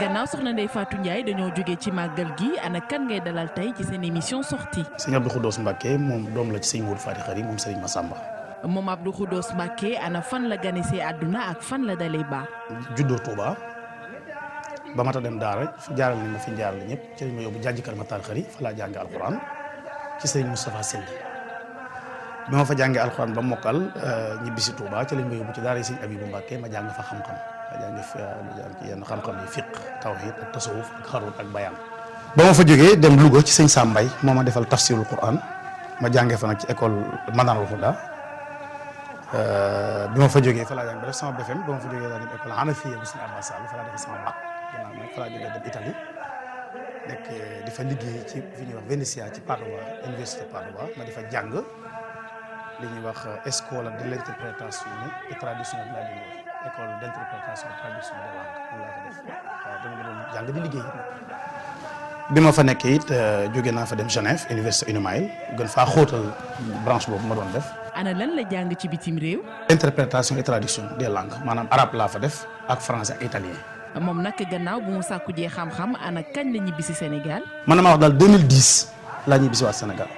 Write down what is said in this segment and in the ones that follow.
gannaaw soxna Ndeye Fatou njaay dañoo jógee ci màggal gi ana kan ngay dalal tey ci seen émission sortie. sëñ Abdou Khoudoss Mbacke moom doom la ci sëñ Modou Fati Xari moom sëriñ Massamba. moom Abdou Khoudoss Mbacke ana fan la ganisee àdduna ak fan la dalee baax. juddoo Touba ba mata dem Daara jaaral ni ma fi jaarale ñëpp ci lañ ma yóbbu jàjji kër Matar Xari fa laa jàng alquran ci sëriñ Moustapha Sène. bi ma fa jàngee alxuraan ba mokkal euh, ñibbi si Touba ci lañ ma yóbbu ci daara sëñ Abibu Mbàkke ma jàng fa xam-xam ma jàng fi euh, ci yenn xam-xam fiq tawhid ak tasawuf ak xarut ak bayaan ba fa jógee dem Louga ci sëñ Sambay moo ma defal tafsirul Quran ma jàngee fa nag ci école Manarul Huda euh, bi ma fa jógee fa laa jàng def sama BFM ba ma fa jógee laa dem école Hanafiya bu nekk di fa liggéey ci fi ñuy wax Venezia ci Padova université Padova ma di jàng li ñuy wax euh, école de l'interprétation et de la langue école d'interprétation et traduction de la langue moom laa bi ma fa nekkee it euh, jóge naa fa dem Genève université Unimail gën faa xóotal branche boobu ma doon def. ana lan la jàng ci bitim réew. interprétation et traduction des langues maanaam arabe laa fa def ak français ak italien. moom nag gannaaw bu mu sàkku jee xam-xam ana kañ la ñibbisi Sénégal. man maa wax daal 2010 laa ñibbisi waat Sénégal.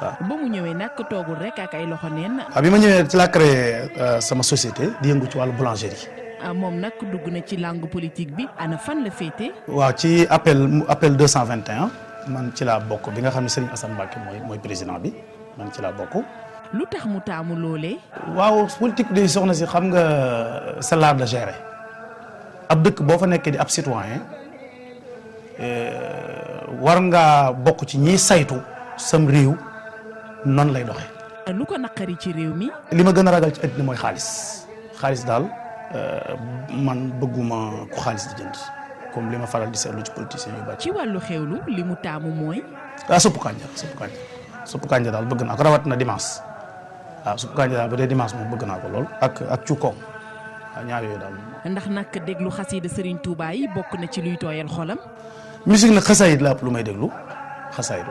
waaw ah. ba mu ñëwee nag toogul rekk ak ay loxo neen. Ah, bi ma ñëwee ci laa créé euh, sama société di yëngu ci wàllu boulangerie. Ah, moom nag dugg na ci langue politique bi ana fan la féete. waaw ci appel appel 221 man ci laa bokk bi nga xam ne Serigne Assane Mbacké mooy mooy président bi man ci laa bokk. lu tax mu taamu waaw politique day soxna si xam nga euh, c'est l'art de gérer ab dëkk boo fa nekkee di ab citoyen euh, war ngaa bokk ci ñiy saytu sam réew. noonu lay doxee. lu ko naqari ci réew mi. li ma gën a ragal ci àddina mooy xaalis xaalis daal euh, man bëgguma ku xaalis di jënd comme li ma faral di seetlu ci politiciens yu bari. ci wàllu xewlu li mu taamu mooy. ah suppu kànja suppu kànja suppu kànja daal bëgg naa ko rawat na dimanche waaw ah, suppu kànja daal ba dee dimanche moom bëgg naa ko lool ak ak cukkoom ah, ñaar yooyu daal. ndax nag déglu xasida Serigne Touba yi bokk na ci luy tooyal xolam. musique na xasaayit la ëpp lu may déglu xasaayit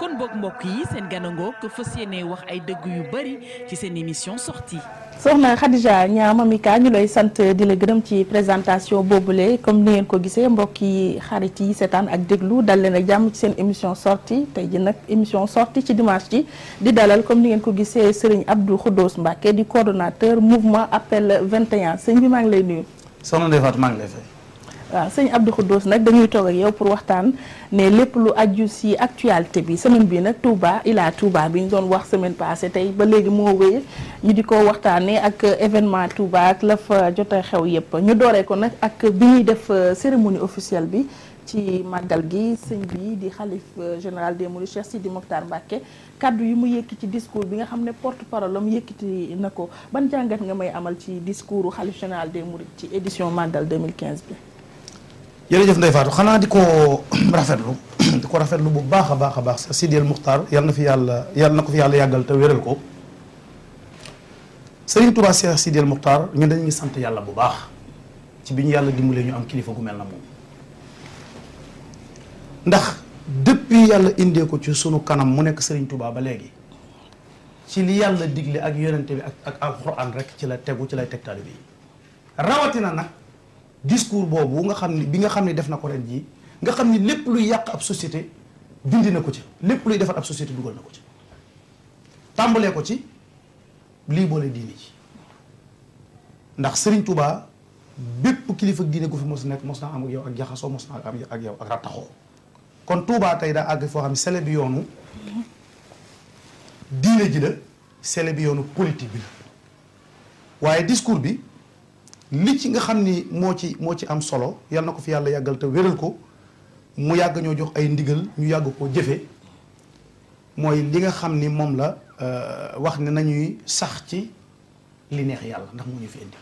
kon boog mbokk yi seen ganangook fas yéene wax ay dëgg yu bari ci seen émission sortie soxna Khadija Niang Mamy kaa ñu lay sant di la gërëm ci présentation boobule comme ni ngeen ko gisee mbokk yi xarit yi seetaan ak déglu dal leen ak jàmm ci seen émission sortie tey ji nag émission sortie ci dimanche ji di dalal comme ni ngeen ko gisee Serigne Abdou Khoudous Mbacké di coordonnateur mouvement appel 21 sëñ bi maa ngi lay nuyu. soxna Ndeye Fatou maa ngi lay fay. waa sëñ Abdou Khoudous nag dañuy toog ak yow pour waxtaan ne lépp lu aju si actualité bi semaine bi nag Touba Ila Touba bi ñu doon wax semaine passée tey ba léegi moo wéy ñu di ko waxtaanee ak événement Touba ak la fa jotee xew yépp ñu dooree ko nag ak bi ñuy def euh, cérémonie officielle bi ci màggal gi sëñ bi di xalif euh, général de Mourides Cheikh Sidi Mokhtar Mbacké kaddu yi mu yëkki ci discours bi nga xam ne porte parole am yëkkati na ko ban jàngat nga may amal ci discours xalif général des Mourides ci édition màggal 2015 bi. jërëjëf Ndeye Fatou xanaa di ko rafetlu di ko rafet lu bu baax a baax a baax sa Sidi El Muxtaar yal na fi yàlla yàlla na ko fi yàlla yàggal wéral ko Serigne Touba Cheikh Sidi ñun dañuy sant yàlla bu baax ci bi ñu yàlla dimbalee ñu am kilifa gu mel na moom ndax dëpp yàlla indee ko ci sunu kanam mu nekk Serigne Touba ba léegi ci li yàlla digle ak yonente bi ak ak alxuraan rek ci la tegu ci lay tegtaali bi rawatina nag. discours boobu nga xam ne bi nga xam ne def na ko ren jii nga xam ni lépp luy yàq ab société dindi na ko ci lépp luy defal ab société dugal na ko ci tàmbalee ko ci lii boole diine ji ndax sëriñ Touba bépp kilifa diine gu fi mos nekk mos naa am ak yow ak jaxasoo mos naa am ak yow ak rattaxoo kon Touba tey daa àgg foo xam ne sele bi yoonu diine ji la sele bi yoonu politique bi la waaye discours bi li ci nga xam ni moo ci moo ci am solo yal na ko fi yàlla yàggal te wéral ko mu yàgg ñoo jox ay ndigal ñu yàgg ko jëfe mooy li nga xam ni moom la euh, wax ne nañuy sax ci li neex yàlla ndax mu ñu fi indi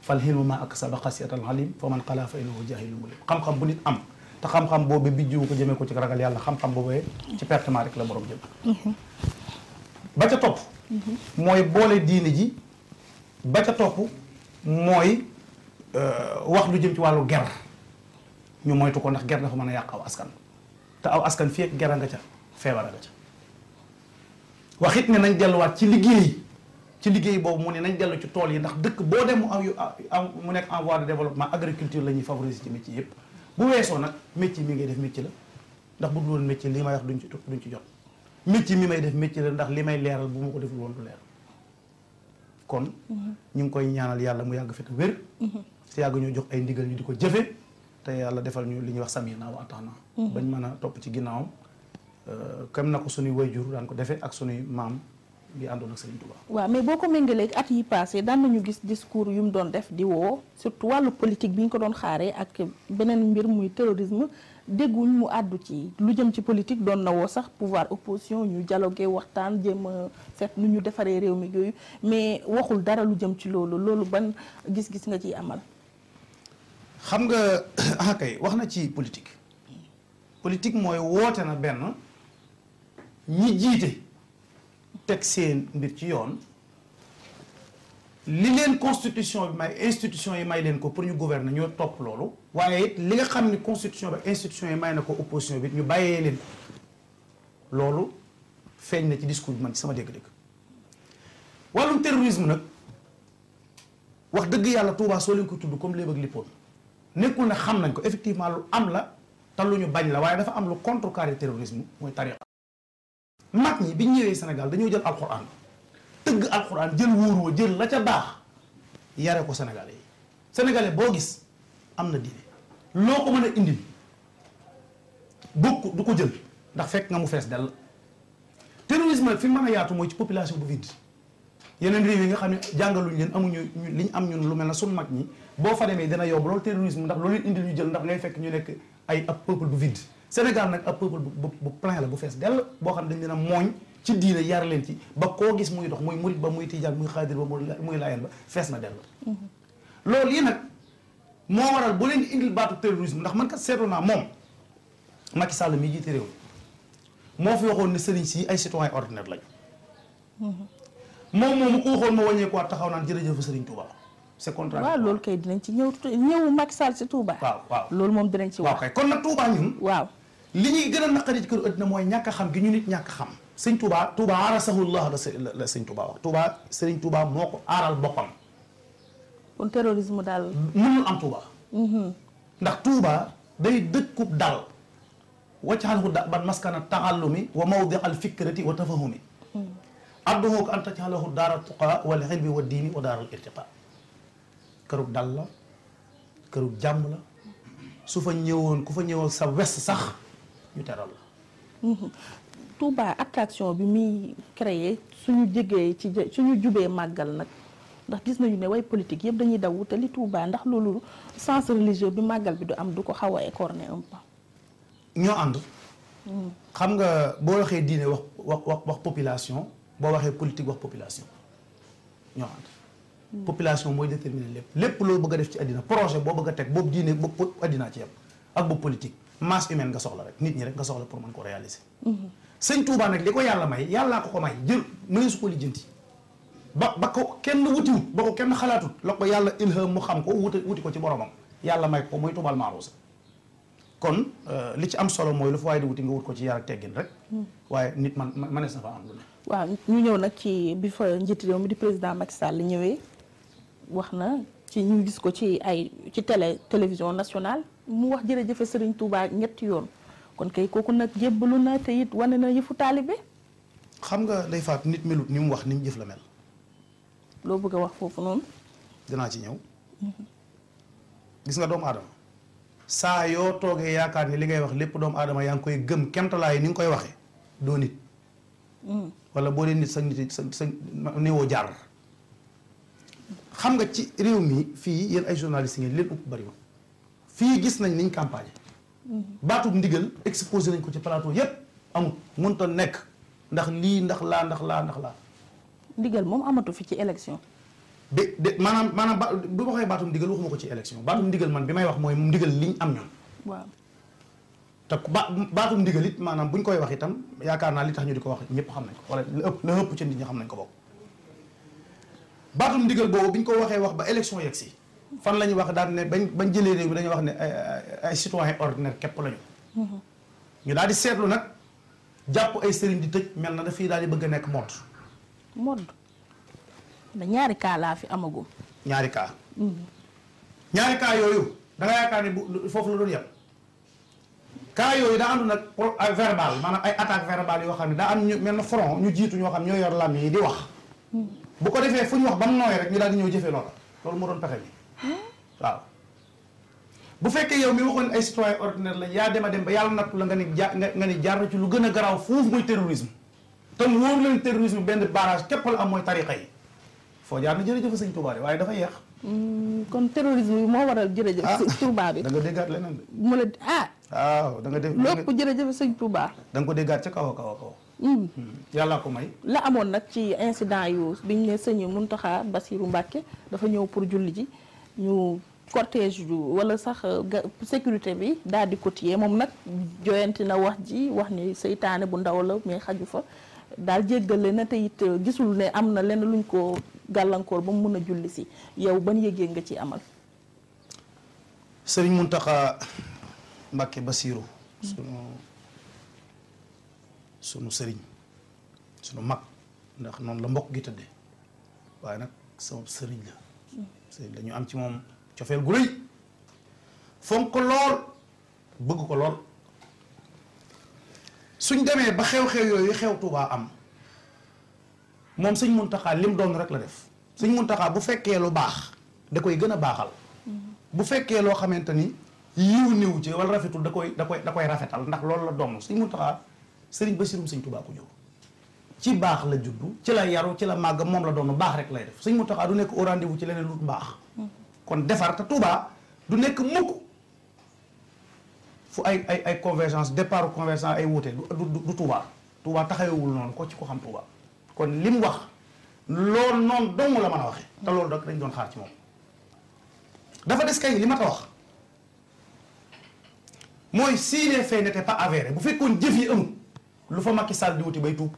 fal xilmu ma ak sa xasiyat al alim fa man xalaa fa innahu jahilu mulim xam-xam bu nit am te xam-xam boobu bi jiwu ko jëmee ko ci ragal yàlla xam-xam boobu ci pertement rek la boroom jëm mhm. ba ca topp mhm. mooy boole diine ji ba ca topp mooy euh, wax lu jëm ci wàllu ger ñu moytu ko ndax ger dafa man a yàq aw askan te aw askan fii ak ger a nga ca feebar a nga ca wax ne nañ delluwaat ci liggéey ci liggéey boobu mu ne nañ dellu ci tool yi ndax dëkk boo dem mu am mu nekk en voie de agriculture la ñuy favoriser ci métier yëpp bu weesoo nag métier mi ngay def métier la ndax bu dul woon métier li may wax duñ ci duñ ci jot métier mi may def métier la ndax li may leeral bu ma ko deful woon du kon ñu ngi koy ñaanal yàlla mu yàgg fi te wér te yàgg ñoo jox ay ndigal ñu di ko jëfe te yàlla defal ñu li ñuy wax samir naa wa ataana bañ mën a topp ci ginnaawam kam euh, na ko suñuy wayjur daan ko defee ak suñuy maam bi àndoon ak Serigne Touba. waaw mais boo ko méngaleeg at yi passé daan nañu gis discours yu mu doon def di woo surtout wàllu politique bi ñu ko doon xaaree ak beneen mbir muy terrorisme déggul mu àddu ci lu jëm ci politique doon na woo sax pouvoir opposition ñu dialogué waxtaan jéem fet nu ñu defaree réew mi yooyu mais waxul dara lu jëm ci loolu loolu ban gis-gis nga ci amal. xam nga ah wax na ci politique. politique mooy woote na benn ñi jiite teg seen mbir ci yoon li leen constitution bi may institution yi may leen ko pour ñu gouverner ñoo topp loolu. waaye li nga xam ni constitution ba institution yi may na ko opposition bi ñu bàyyee leen ko loolu feeñ na ci discours bi man ci sama dégg-dégg wàllum terrorisme nag wax dëgg yàlla Touba soo leen ko tudd comme léeb ak lippoon nekkul ne xam nañ ko effectivement lu am la tallu ñu bañ la waaye dafa am lu contre contrecarré terrorisme mooy tariqa mag ñi bi ñu ñëwee Sénégal dañoo jël alxuraan tëgg alxuraan jël wóoru jël la ca baax yare ko Sénégalais yi Sénégalais am na diine loo ko mën a indi du du ko jël ndax fekk nga mu fees dell terrorisme fi mën a yaatu mooy ci population bu vide yeneen réew yi nga xam ne jàngaluñ leen amuñu li ñu am ñun lu mel na suñu mag ñi boo fa demee dana yomb loolu ndax loolu leen ñu jël ndax lay fekk ñu nekk ay ab peuple bu vide Sénégal nag ab peuple bu bu plein la bu fees dell boo xam ne dañ leen a mooñ ci diine yar leen ci ba koo gis muy dox muy murit ba muy tijaan muy xaadir ba muy laayal ba fees na dell mm-hmm. loolu yi nag moo waral boo leen di indil baatu terrorisme ndax man ka seetlu naa moom Macky Sall mi jiite réew moo fi waxoon ne sëriñ si ay citoyen ordinaire lañu. moom moomu ko waxoon ma wàññeekuwaat taxaw naan jërëjëf sëriñ Touba. c'est contraire waaw loolu kay dinañ ci ñëw ñëwu Macky Sall si Touba. waaw waaw loolu moom dinañ ci wax. kon nag Touba ñun. waaw li ñuy gën a naqari ci addina mooy ñàkk xam gi ñu nit ñàkk xam. sëñ Touba Touba aarasahu Allah la sëñ Touba wax Touba sëriñ Touba moo ko aaral boppam kon terrorisme daal. mënul mhm. dal mhm. ko an tajalahu daara tuqa wal xilmi wa diini wa daaral la kërub jàmm la su fa ñëwoon ku fa ñëwoon sa west sax ñu teral la mhm. Touba attraction bi muy créé suñu jegee ci suñu jubee màggal nag ndax gis nañu ne way politique yëpp dañuy daw te li Touba ndax loolu sens religieux bi màggal bi du am du ko xaw a écorné un ñoo ànd. Mm. xam nga boo waxee diine wax wax wax population boo waxee politique wax population ñoo ànd. Mm. population mooy déterminer lépp lépp loo bëgg a def ci àddina projet boo bëgg a teg boobu diine boobu àddinaa ci yem ak boobu politique masse humaine nga soxla rek nit ñi rek nga soxla pour man ko réaliser. Mm-hmm. sëñ Touba nag yàlla may yàllaa ko ko may jël mënees ba ba ko kenn wutiwut ba ko kenn xalaatut la ko yàlla ilham mu xam ko wuti wuti ko ci boromam yàlla may ko muy tubal maaruusa kon euh, li ci am solo mooy lu fa waaye di wuti nga wut ko ci yar ak teggin rek hmm. waaye nit man manees na fa am lu ne waaw ñu ñëw nag ci bi fa njiit réew mi di président Macky Sall ñëwee wax na ci ñu gis ko ci ay ci télé télévision national mu wax jërëjëfe Serigne Touba ñetti yoon kon kay kooku nag jébbalu na te it wane na yëfu taalibe xam nga day faat nit melut ni mu wax ni mu jëf la mel loo bëgg a wax foofu noonu. dinaa ci ñëw. gis nga doomu aadama saa yoo toogee yaakaar ni li ngay wax lépp doomu aadama yaa ngi koy gëm kemtalaay ni nga koy waxee doo nit. Mm. wala boo dee nit sa nit sa sa néewoo xam nga ci réew mi fii yéen ay journalistes ngeen leen ëpp bari fii gis nañ niñ campagne. Mm. baatub ndigal exposé nañ ko ci plateau yépp amul mënut a nekk ndax lii ndax laa ndax laa ndax laa. ndigal moom amatu fi ci élection bi de maanaam maanaam ba bu waxee baatum ndigal waxuma ko ci élection baatum ndigal man bi may wax mooy mu ndigal liñ am ñoom waaw te ba baatum ndigal it maanaam bu ñu koy wax itam yaakaar naa li tax ñu di ko wax ñëpp xam nañ ko wala la ëpp la ëpp ci nit xam nañ ko bokk baatum ndigal boobu biñ ko waxee wax ba élection yegg si fan la ñuy wax daal ne bañ bañ jëlee réew mi dañuy wax ne ay citoyen ordinaire képp la mhm. ñu daal di seetlu nag jàpp ay sëriñ di tëj mel na dafii daal bëgg nekk moot modd ñaari kaa laa fi amagum. ñaari cas. Mm-hmm. ñaari cas yooyu da nga yaakaar ne bu foofu la doon yem. cas yooyu daa am nag pro ay verbal maanaam ay yoo xam ne daa am mel ne front ñu jiitu ñoo xam ñoo yor lam yi di wax. Mm-hmm. bu ko defee fu ñu wax ba mu nooy rek ñu daal di ñëw jëfee loola loolu moo doon pexe bi mm-hmm. waaw. bu fekkee yow mi waxoon ay citoyen ordinaire lañ yaa dem a dem ba yàlla nattu la nga ni ja nga ni jaar ci lu gën a garaaw foofu muy terrorisme. tam wóor leen terrorisme benn barrage képp la am mooy tariqa yi foo jaar na jërëjëf sëñ Touba de waaye dafa yeex hmm, kon terrorisme yi moo waral jërëjëf ah. sëñ Touba bi da nga déggaat leneen de mu la ah waaw da nga dégg lépp sëñ Touba da nga ko déggaat ca kaw a kaw a hmm. Hmm. ko may la amoon nag ci incident yu biñ ne sëñ mun Muntaxa Basiru Mbàkke dafa ñëw pour julli ji ñu cortège ju wala sax euh, sécurité bi dal di côtier moom nag joyanti na wax ji wax ni seytaane bu ndaw la mais xaju fa daal jéggale na teyit euh, gisul ne am na lenn luñ ko gàllankoor ba mu mun a julli si yow ban yëgee nga ci amal sëriñ taxa Mbàkke ba sunu sunu sëriñ sunu mag ndax noonu la mbokk gi tëdde waaye nag sama sëriñ la sëriñ la am ci moom cofeel gu rëy fonk lool bëgg ko lool suñ demee ba xew-xew yooyu xew Touba am moom sëñ Muntaxa lim doon rek la def sëñ Muntaxa bu fekkee lu baax da koy gën a baaxal bu fekkee loo xamante ni yiw niw ci wala rafetul da koy da koy da koy rafetal ndax loolu la doon sëñ Muntaxa sëriñ Basirum sëñ Touba ku ñëw ci baax la juddu ci la yaru ci la màgg moom la doon baax rek lay def sëñ Muntaxa du nekk au rendez ci leneen lu baax kon defar te Touba du nekk mukk fu ay ay ay convergence départ convergence ay wuute du du Touba Touba taxawewul noonu ko ci ko xam Touba kon li mu wax loolu noonu dong la mën a waxee te loolu rek dañ doon xaar ci moom dafa des kay li ma ko wax mooy si les faits n'étaient pas avérés bu fekkoon jëf yi amul lu fa Macky Sall di wuti bay tuub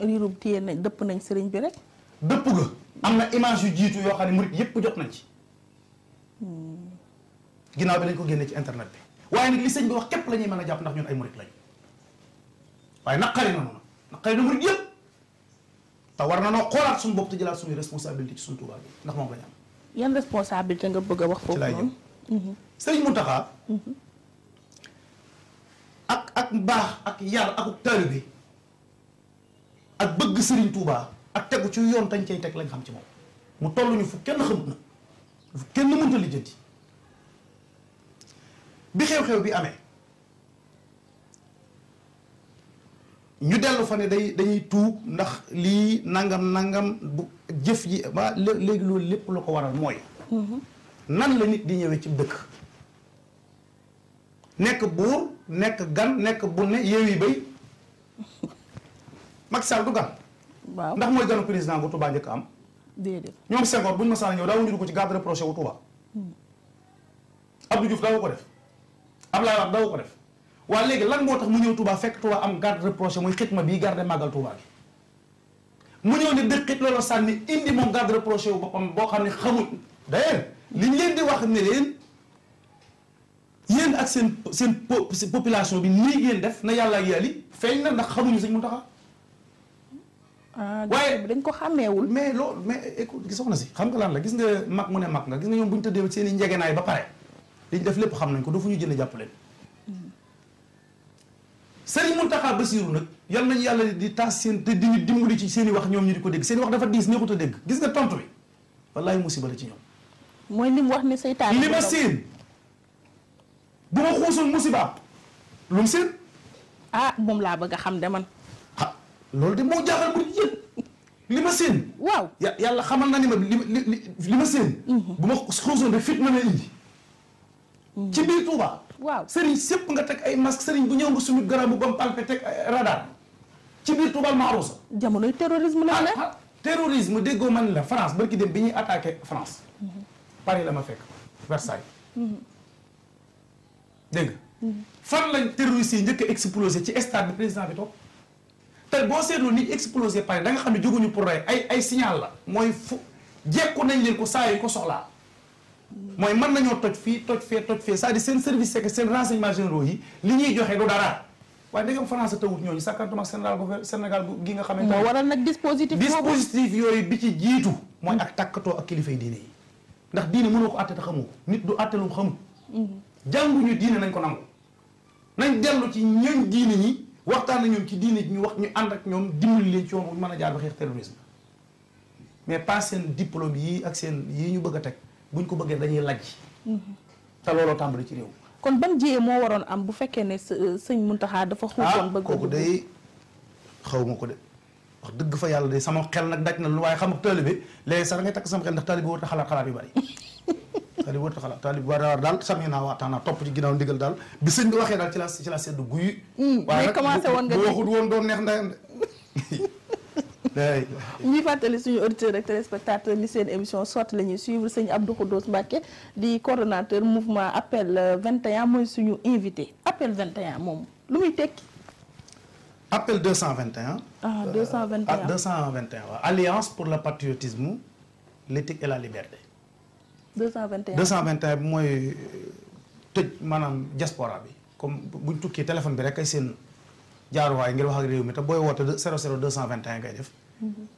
riirum téye nañ dëpp nañ sëriñ bi rek dëpp ga am na image yu jiitu yoo xam ne murit yépp jot nañ ci hmm. ginnaaw bi lañ ko génnee ci internet bi waaye nag li sëñ bi wax képp la ñuy mën a jàpp ndax ñun ay murit lañ waaye naqari na noonu naqari na murit yëpp te war na noo xoolaat suñu bopp te jëlaat suñu responsabilité ci suñu Tuubaa bi ndax moom la ñu am. yan responsabilité nga bëgg a wax foofu noonu ci laay jëm mhm. sëriñ Muntaxa mhm. ak ak mbaax ak yar ak taalibe ak bëgg sëriñ Tuubaa ak tegu ci yoon tañ cay teg lañ xam ci moom mu toll ñu fu kenn xamut na fu kenn mënta lijjanti bi xew-xew bi amee ñu dellu fa ne day dañuy tuub ndax lii nangam nangam bu jëf ji ba léegi loolu lépp la ko waral mooy mm-hmm. nan la nit di ñëwee ci dëkk nekk buur nekk gan nekk bu ne yeewi bay Macky Sall du gan ndax mooy ganu président gu Touba njëkk am déedéet ñoom Senghor bu ñu ma saana ñëw daawuñu du ko ci garde rapproché wu Touba mm. Abdou Diouf daawu ko def am Abdoulaye Wade daw ko def waaye léegi lan moo tax mu ñëw Touba fekk Touba am garde rapprochée muy xitma bii garde màggal Touba bi mu ñëw ne dëkkit loolu sànni indi moom garde rapprochée wu boppam boo xam ne xamul d'ailleurs liñ leen di wax ne leen yéen ak seen seen population bi nii ngeen def na yàlla ak yàlli feeñ ndax xamuñu sëñ Muntaxa ah, waaye dañ ko xàmmeewul mais loolu mais écoute soxna si xam nga lan la gis nga mag mu ne mag nga gis nga ñoom bu ñu tëddee seen i njegenaay ba pare li ñu def lépp xam nañ ko du fu ñu jëlee jàpp leen. Sëriñ Mountakha Bassirou nag yal nañu yàlla di taas seen te di ñu dimbali ci seen wax ñoom ñu di ko dégg seen wax dafa diis neexut a dégg gis nga tontu bi wallaay musiba la ci ñoom. mooy li mu wax ne seytaan li ma seen bu ma xuusul musiba ah, moom laa bëgg a xam de man. loolu de moo jaaxal bu li ma seen. waaw yàlla xamal na ni ma ma seen. Mhm. bu ma xuusoon de fit na la indi. Mhm. ci biir Touba. waaw sëriñ sëpp nga teg ay masque sëriñ bu ñëw nga sumit garabu ba mu palpe teg radar ci biir Touba Maarousa. jamonoy terrorisme la ah, ne ah, terrorisme déggoo man la France barki dem bi ñuy attaqué France. Mhm. Paris la ma fekk Versailles. Mhm. dégg nga. fan lañ terroriste yi njëkk a explosé ci stade bi président bi toog. te boo seetloo ni explosé Paris da nga xam ne jóguñu pour rey ay ay signal la. mooy fu jekku nañ leen ko saa yi ko soxlaa. mooy mën nañoo toj fii toj fee toj fee cest à seen service c'est que seen renseignement généraux yi li ñuy joxe du dara waaye ndegam France tawut ñooñu sàkkantumaak Sénégal gu Sénégal gi nga xamante ne moo waral nag dispositif dispositif yooyu bi ci jiitu mooy ak tàkkatoo ak kilifay diine yi ndax diine mënoo ko àtte te xamoo nit du àtte lu mu xamul mm-hmm. jànguñu diine nañ ko nangu nañ dellu ci ñoñ diine ñi waxtaan na ñoom ci diine ñu wax ñu ànd ak ñoom dimbali leen ci yoon bu mën a jaar ba xeex mais pas seen diplôme yii ak seen yii ñu bëgg teg bu ñu ko bëggee dañuy lajj mm-hmm. te looloo tàmbali ci réew kon ban jiyee moo waroon am bu fekkee ne euh, sëñ mun Muntaxa dafa ah, xuutoon bëgg kooku day xaw ma ko de wax dëgg fa yàlla de sama xel nag daj na lu waaye xam ak taalibe léegi sax ngay takk sama xel ndax taalibe warut a xalaat xalaat yu bari taalibe warut a xalaat taalibe war daal sami naa waxtaan naa topp ci ginnaaw ndigal daal bi sëñ bi waxee daal ci la ci la sedd guy mm, waaye nag bu waxut woon doon neex ndayam de ñuy fàttali suñu auditeurs ak téléspectateurs ni seen émission sotti la ñuy suivre sëñ Abdou Khoudoss Mbacké di coordonnateur mouvement appel 21 mooy suñu invité appel 21 moom lu muy tekki. appel 221. ah 221 euh, ah 221 waaw alliance pour le patriotisme l'éthique et la liberté. 221 221 bi mooy euh, tëj maanaam diaspora bi comme buñ tukkee téléphone bi rek ay seen jaaruwaay ngir wax ak réew mi te booy woote 00 221 ngay def.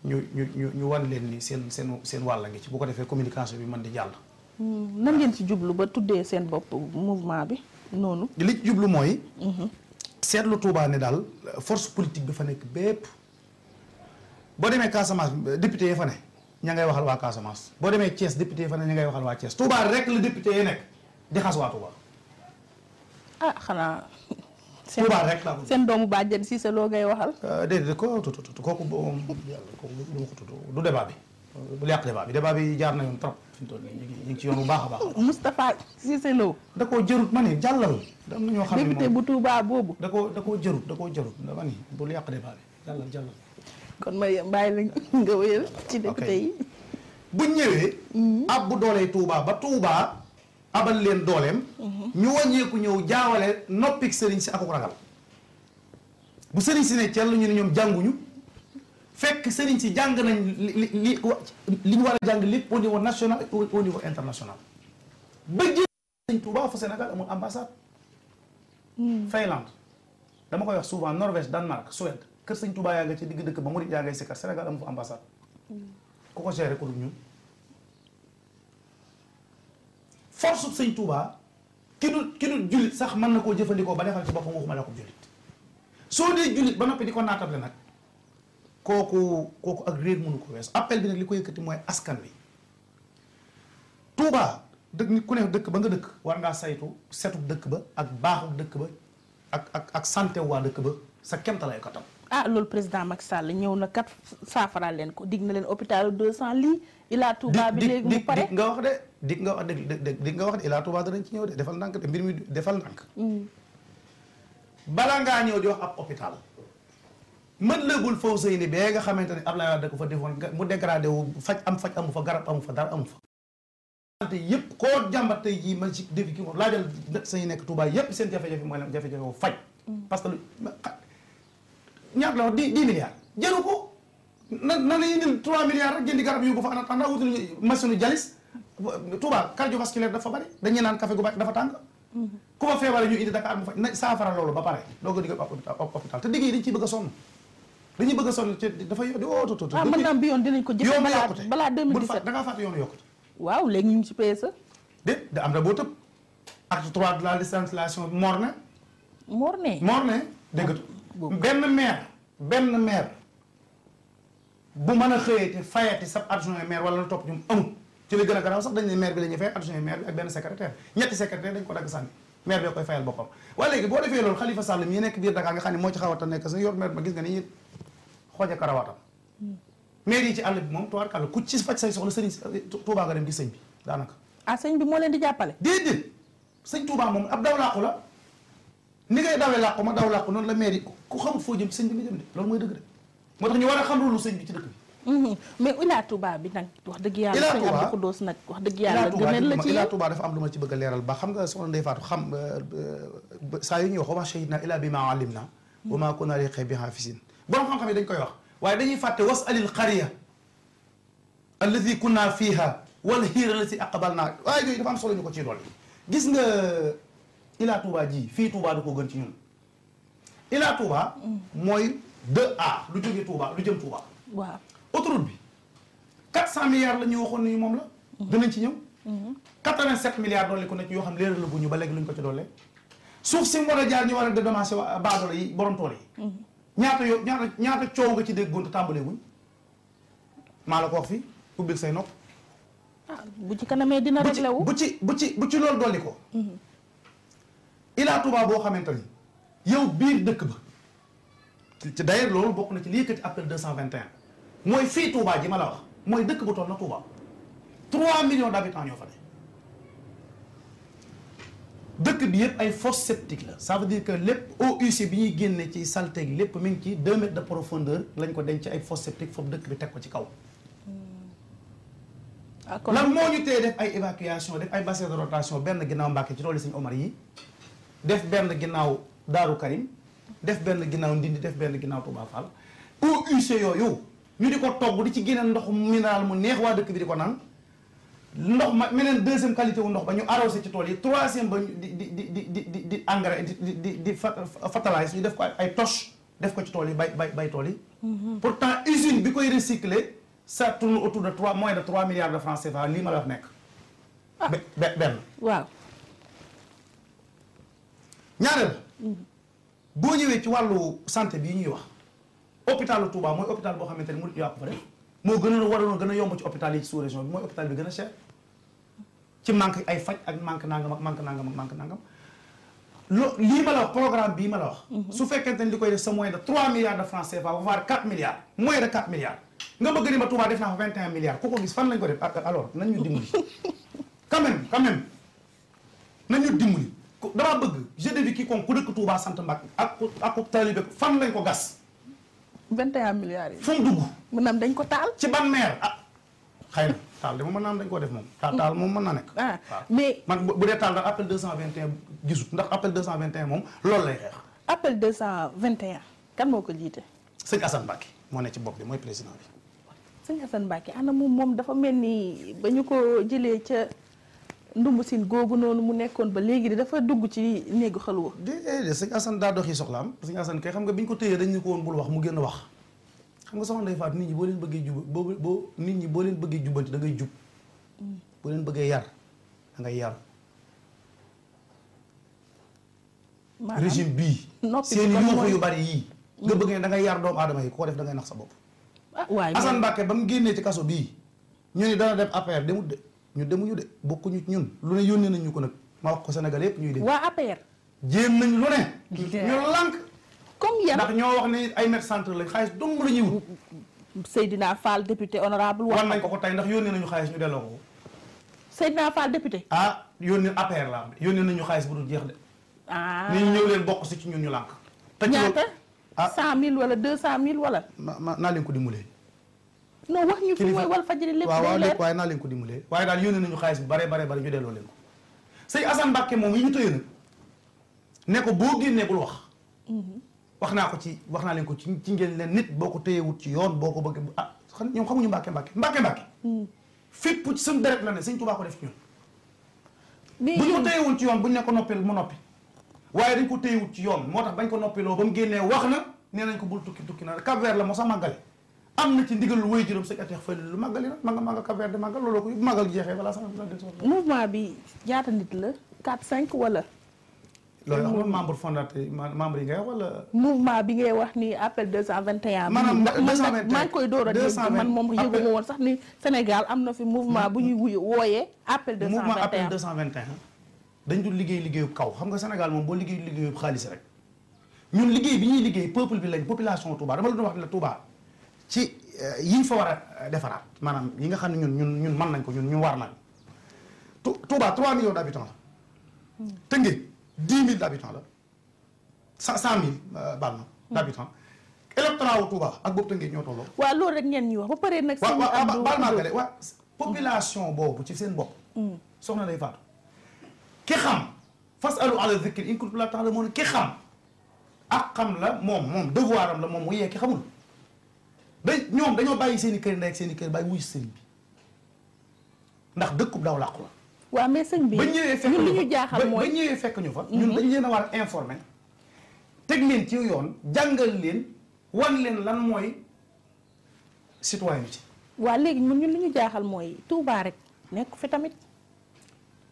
ñu ñu ñu ñu leen ni seen seen seen wàll ngi ci bu ko defee communication bi mën di jàll. Hmm. nan ngeen ci jublu ba tuddee seen bopp mouvement bi noonu. li ci jublu mooy. Hmm. seetlu Touba ne daal force politique dafa fa nekk bépp. boo demee Casamance député yi fa ne ña ngay waxal waa Casamance boo demee Thiès député yi fa ne ña ngay waxal waa Thiès Touba rek la député yi nekk di xas waa Touba. ah xanaa. Touba rek laa seen doomu bàjjen Cissé loo ngay waxal. Euh, déedéet koo tudd tudd kooku moom yàlla kooku du ma ko tudd du débat bi bu euh, yàq débat bi débat bi jaar na yoon trop fi mu toll nii ñu ngi ci yoon bu baax a baax. Moustapha da koo jërut ma ni jàllal. am na ñoo xam ne bu tuubaa boobu. da koo da koo jërut da koo jërut ma ni bu yàq débat bi jàllal jàllal. kon ma bàyyi la nga wéyal. ci député yi. bu ñëwee. ab hmm. bu doolee tuubaa ba Touba. abal leen dooleem mm-hmm. ñu wañeeku ñëw jaawale noppik sëriñ si ak ragal bu sëriñ si ne cell ñu ne ñoom jànguñu fekk sëriñ si jàng nañ li li li ñu war a jàng lépp au niveau national au niveau international ba jël sëriñ Tuubaa fa Sénégal amul ambassade mm. Finlande dama koy wax souvent Norvège Danemark Suède kër sëriñ Tuubaa yaa nga ci digg dëkk ba murit yaa ngay sikkar Sénégal amul fa ambassade mm. ku ko géré ko dul ñun force bu sëñ Touba ki du ki du jullit sax mën na koo jëfandikoo ba defal ci boppam waxuma la ko jullit soo dee ba noppi di ko naatable nag kooku kooku ak réer mënu ko weesu li ko yëkkati mooy askan wi Touba dëkk nit ku ne dëkk ba nga dëkk war ngaa saytu setu dëkk ba ak baaxu dëkk ba ak ak ak santé waa dëkk ba sa kemtalaayu katam ah loolu président Macky Sall ñëw na kat saafaraal leen ko dig na leen hôpital 200 lits. il a Touba bi léegi nga wax de. dig nga wax dig nga wax de Ila Touba danañ ci ñëw de defal ndànk de mbir mi defal ndànk bala ngaa ñëw di wax ab hôpital mën lëgul foofu sëy ni bee nga xamante ne Ablaye Wade da ko fa defoon mu dégradé wu faj am faj amu fa garab amu fa dara amu fa yëpp koo jàmbat tey jii ma ci défi ki moom laajal sëy nekk Touba yëpp seen jafe-jafe mooy lan jafe-jafe wu faj mm. parce que lu la wax dix dix milliards jëru ko na na la indil trois milliards rek jëndi garab yu ko fa ana ana wutul machine jalis Touba cardiovasculaire dafa bari dañuy naan kafe gu bari dafa tàng ku ma feebare ñu indi Dakar mu faj na saafara loolu ba pare doo ko digg hôpital te digg yi dañ ciy bëgg a sonn dañuy bëgg a sonn ci dafa di woototo waaw mën naa bi yoon dinañ ko jëfe balaa balaa 2017 da ngaa fàtte yoonu yokkute waaw léegi ñu ngi ci PSE dé da am na boo tëb acte 3 de la décentralisation mor ne mor ne benn maire benn maire bu mën a xëyee te fayati sab adjoint maire wala la topp ñum amul ci li gën a garaaw sax dañ ne maire bi la ñuy fay adjoint maire bi ak benn secrétaire ñetti secrétaire dañ ko dagg sànni maire bi koy fayal boppam waaye léegi boo defee loolu Khalifa Sall hmm. yi ci àll bi moom tubaarkàlla ku ci faj say soxla sëriñ Touba nga dem gis sëñ bi daanaka ah sëñ bi moo leen di jàppale déedéet sëñ Touba moom ab daw làqu la ni ngay dawee làqu ma daw làqu noonu la maire yi ku xam foo jëm ci sëñ bi nga jëm de loolu mooy dëgg de moo tax ñu war a xam lu sëñ bi ci dëkk bi Mhm. mais Ila Touba bi nag wax dëgg yàlla. Ila Touba ko doos nag wax dëgg yàlla. gënal la ci Ila Touba dafa am lu ma ci bëgg a leeral ba xam nga soxna Ndeye Fatou xam euh, euh, saa yu ñuy wax wa maa shahidnaa illaa bimaa alimnaa wa maa kunnaa li xaybi haafiziin borom xam-xam yi dañ koy wax waaye dañuy fàtte wasalil xariya allati kunna fiiha wal hiira allati aqbalnaa waaye yooyu dafa am solo ñu ko ciy dolli gis nga Ila Touba ji fii Touba du ko gën ci ñun Ila Touba mm. mooy 2A lu jóge Touba lu jëm Touba waaw autoroute bi 400 milliards la ñu waxoon ni moom la. dinañ ci ñëw. 87 milliards dolli ko na yoo xam léeral la bu ñu ba léegi luñ ko ci dollee suuf si mu a jaar ñu war a dédommagé baadoolo yi borom tool yi. ñaata yo ñaata ñaata coow nga ci déggoon te tàmbalee wuñ maa la ko wax fi ubbil say nopp. Ah, bu ci kanamee dina réglé wu bu ci bu ci bu ci loolu dolli ko. Ila Touba boo xamante ni yow biir dëkk ba. ci d'ailleurs loolu bokk na ci lii kat appel 221. mooy fii Touba ji ma la wax mooy dëkk bu toll na Touba 3 millions d' habitants ñoo fa ne dëkk bi yëpp ay fosse septique la ça veut dire que lépp o usée bi ñuy génne ci salte gi lépp mi ngi ci 2 mètres de profondeur lañ ko denc ay fosse septique foofu dëkk bi teg ko ci kaw. Ah, lan moo ñu tee def ay évacuation def ay bassin de rotation benn ginnaaw Mbàkke ci tool yi Sëñ Omar yi def benn ginnaaw Daaru Karim def benn ginnaaw Ndindi def benn ginnaaw Touba Fall eau usée yooyu. ñu di ko togg di ci génne ndox minéral mu neex waa dëkk bi di ko naan ndox ma meneen deuxième qualité wu ndox ba ñu arrosé ci tool yi troisième ba di di di di di di engrais di di di fertiliser ñu def ko ay toche def ko ci tool yi bay bay bay tool yi. Mm-hmm. pourtant usine bi koy recycler ça tourne autour de trois moins de trois milliards de francs CFA lii ma la wax nekk. ah benn waaw. ñaareel. Mm-hmm. boo ñëwee ci wàllu santé bii ñuy wax. hôpitalu Touba mooy hôpital boo xamante ni murid yaa ko fa def moo gën a waroon gën a yomb ci hôpital yi ci sous-région bi mooy hôpital bi gën a cher ci manque ay faj ak manque nangam ak manque nangam ak manque nangam lo lii ma la wax programme bii ma la wax mhm. su fekkente ni li koy def sa moyen de 3 milliards de francs CFA voire 4 milliards moyen de 4 milliards nga bëgg ni ma Touba def naa fa 21 milliards ku ko gis fan lañ ko def alors nañ ñu dimbali quand même quand même nañ ñu dimbali dama bëgg je défie quiconque ku dëkk Touba sant Mbàkke ak ku ak ku taalibe fan lañ ko gas 21 milliards yi. fu mu dugg. mu dañ ko taal. ci ban meer ah xëy na taal de moom mën naa dañ koo def moom. taal taal moom mën na nekk. ah mais man bu dee taal daal appel 221 gisut ndax appel 221 moom loolu lay xeex. appel 221 kan moo ko jiite. sëñ Assane Mbacke moo ne ci bopp bi mooy président bi. sëñ Assane Mbacke ana moom moom dafa mel ni ba ñu ko jëlee ca. ndumb siin googu noonu mu nekkoon ba léegi de dafa dugg ci néegu xalwa déedéet eh, sëñ Assane daa doxi soxlaam sëñ Assane kay xam nga bi ñu ko téyee dañ ñu ko woon bul wax mu génn wax xam nga soxna Ndeye Fatou nit ñi boo leen bëggee jub boo nit ñi boo leen bëggee jubanti dangay jub mm. boo leen bëggee yar da ngay yar régime bii seen yuuxu yu bari yii mm. nga bëgg ne da ngay yar doomu aadama yi ko def da ngay nax sa bopp ah, waaye Assane Mbacke ba mu génnee ci kaso bii ñu ne dana dem APR ñu demuñu de bokkuñu ñun lu ne yónnee nañu ko nag ma wax ko Sénégal yëpp ñuy dem. waa APR. jéem nañ lu ne. ñu lànk. comme yan ndax ñoo wax ne ay maître centre lañ xaalis dong la ñuy wut. Seydina Fall député honorable wax nañ ko ko tey ndax yónnee nañu xaalis ñu delloo ko. Seydina Fall député. ah yónnee APR la yónnee nañu xaalis bu dul jeex de. ah ni ñu leen bokk si ci ñun ñu lànk. ñaata. Ah. cent mille wala 200000 wala. ma ma naa leen ko dimbalee. non wax ñu fi mooy wal fajri lépp waaw waaw lépp waaye naa leen ko dimbalee waaye daal yónnee nañu xaalis bu bare bare bare ñu delloo leen ko sëñ Assane Mbacke moom yi ñu tëyoon ne ko boo génnee bul wax mm-hmm. wax naa ko ci wax naa leen ko ci ci ngeen leen nit boo ko téyewut ci yoon boo ko bëgg ah xam ñoom xamuñu Mbacke Mbacke Mbacke Mbacke mm. fépp ci suñu deret la ne sëñ Tuubaa ko def ci ñun bu ñu ko téyewul ci yoon bu ñu ne ko noppil mu noppi waaye dañ ko téyewut ci yoon moo ta bañ ko noppiloo ba mu wax na nee nañ ko bul tukki tukki na la moo sax màggale am na ci ndigal woy juróom secrétaire fay lu màggali la màgga màgga ka verde ko yóbbu màggal jeexee mouvement bi jaata nit la wala loolu amul membre fondateur membre yi ngay wax wala bi ngay wax ni appel 221 maanaam maa ngi koy door moom yëguma woon sax ni Sénégal am na fi mouvement bu ñuy wuyu wooyee appel 221 mouvement appel 221 dañ dul liggéey liggéeyu kaw xam nga Sénégal moom boo liggéey liggéeyu xaalis rek ñun liggéey bi ñuy liggéey peuple bi lañ population Touba dama la doon wax ne la Touba ci euh, yiñ fa war euh, maanaam yi nga xam ne ñun ñun ñun mën nañ ko ñun ñun war nañ Touba 3 millions d' habitants la. Hmm. Tëngéej 10 000 d' la 100 000 euh, baal ma hmm. d' habitants. électorat wu Touba ak boobu Tëngéej ñoo tolloo. waaw loolu rek ngeen ñu wax ba paree nag. seen am baal maa gale boobu ci seen bopp. Hmm. soxna day faatu. ki xam fas alu ala zikri in kuntum laa ta'lamuun ki xam ak xam la moom moom devoiram la moom mu yee ki xamul. day ñoom dañoo bàyyi seen i kër ndey seen i kër bàyyi wuyu sëriñ ndax dëkku daw làqu la. waaw mais sëñ bi ñun li ñu jaaxal mooy ba ñëwee fekk ñu fa mhm. ñun dañ leen a war a teg leen ci yoon jàngal leen wan leen lan mooy citoyenneté. waa léegi ñun li ñu jaaxal mooy Touba rek nekk fi tamit.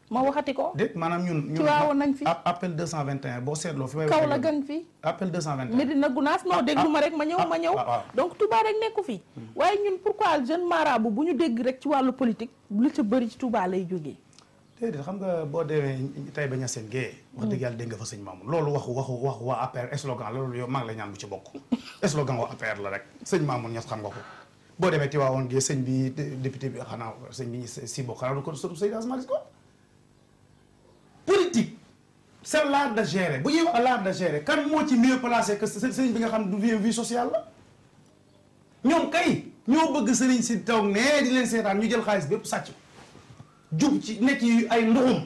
ma waxati ko. déet maanaam ñun ñun Tiwaawoon nañ fi appel 221 boo seetloo fi may waxee kaw la gën fi appel 221 Medina Gunaas non déglu ma rek ma ñëw ma ñëw donc Touba rek fi waaye ñun pourquoi jeune marabout bu ñu dégg rek ci wàllu politique lu ca bëri ci Touba lay jógee nga boo demee tey ba Niassène Guèye wax dëgg yàlla nga fa sëñ Mamoun loolu waxu waxu waxu waa APR slogan la loolu yow maa ci bokk slogan waa APR la rek sëñ Mamoun xam nga ko boo demee Tiwaawoon Guèye sëñ bi député bi xanaa sëñ bi si bokk xanaa du ko sëñ Asmalis ko c'est l'art de gérer bu ñuy wax l'art de gérer kan moo ci mieux placé que sëriñ bi nga xam du vie vie sociale la ñoom kay ñoo bëgg sëriñ si toog nee di leen seetaan ñu jël xaalis bépp sàcc ko jub ci nekk yi ay nduxum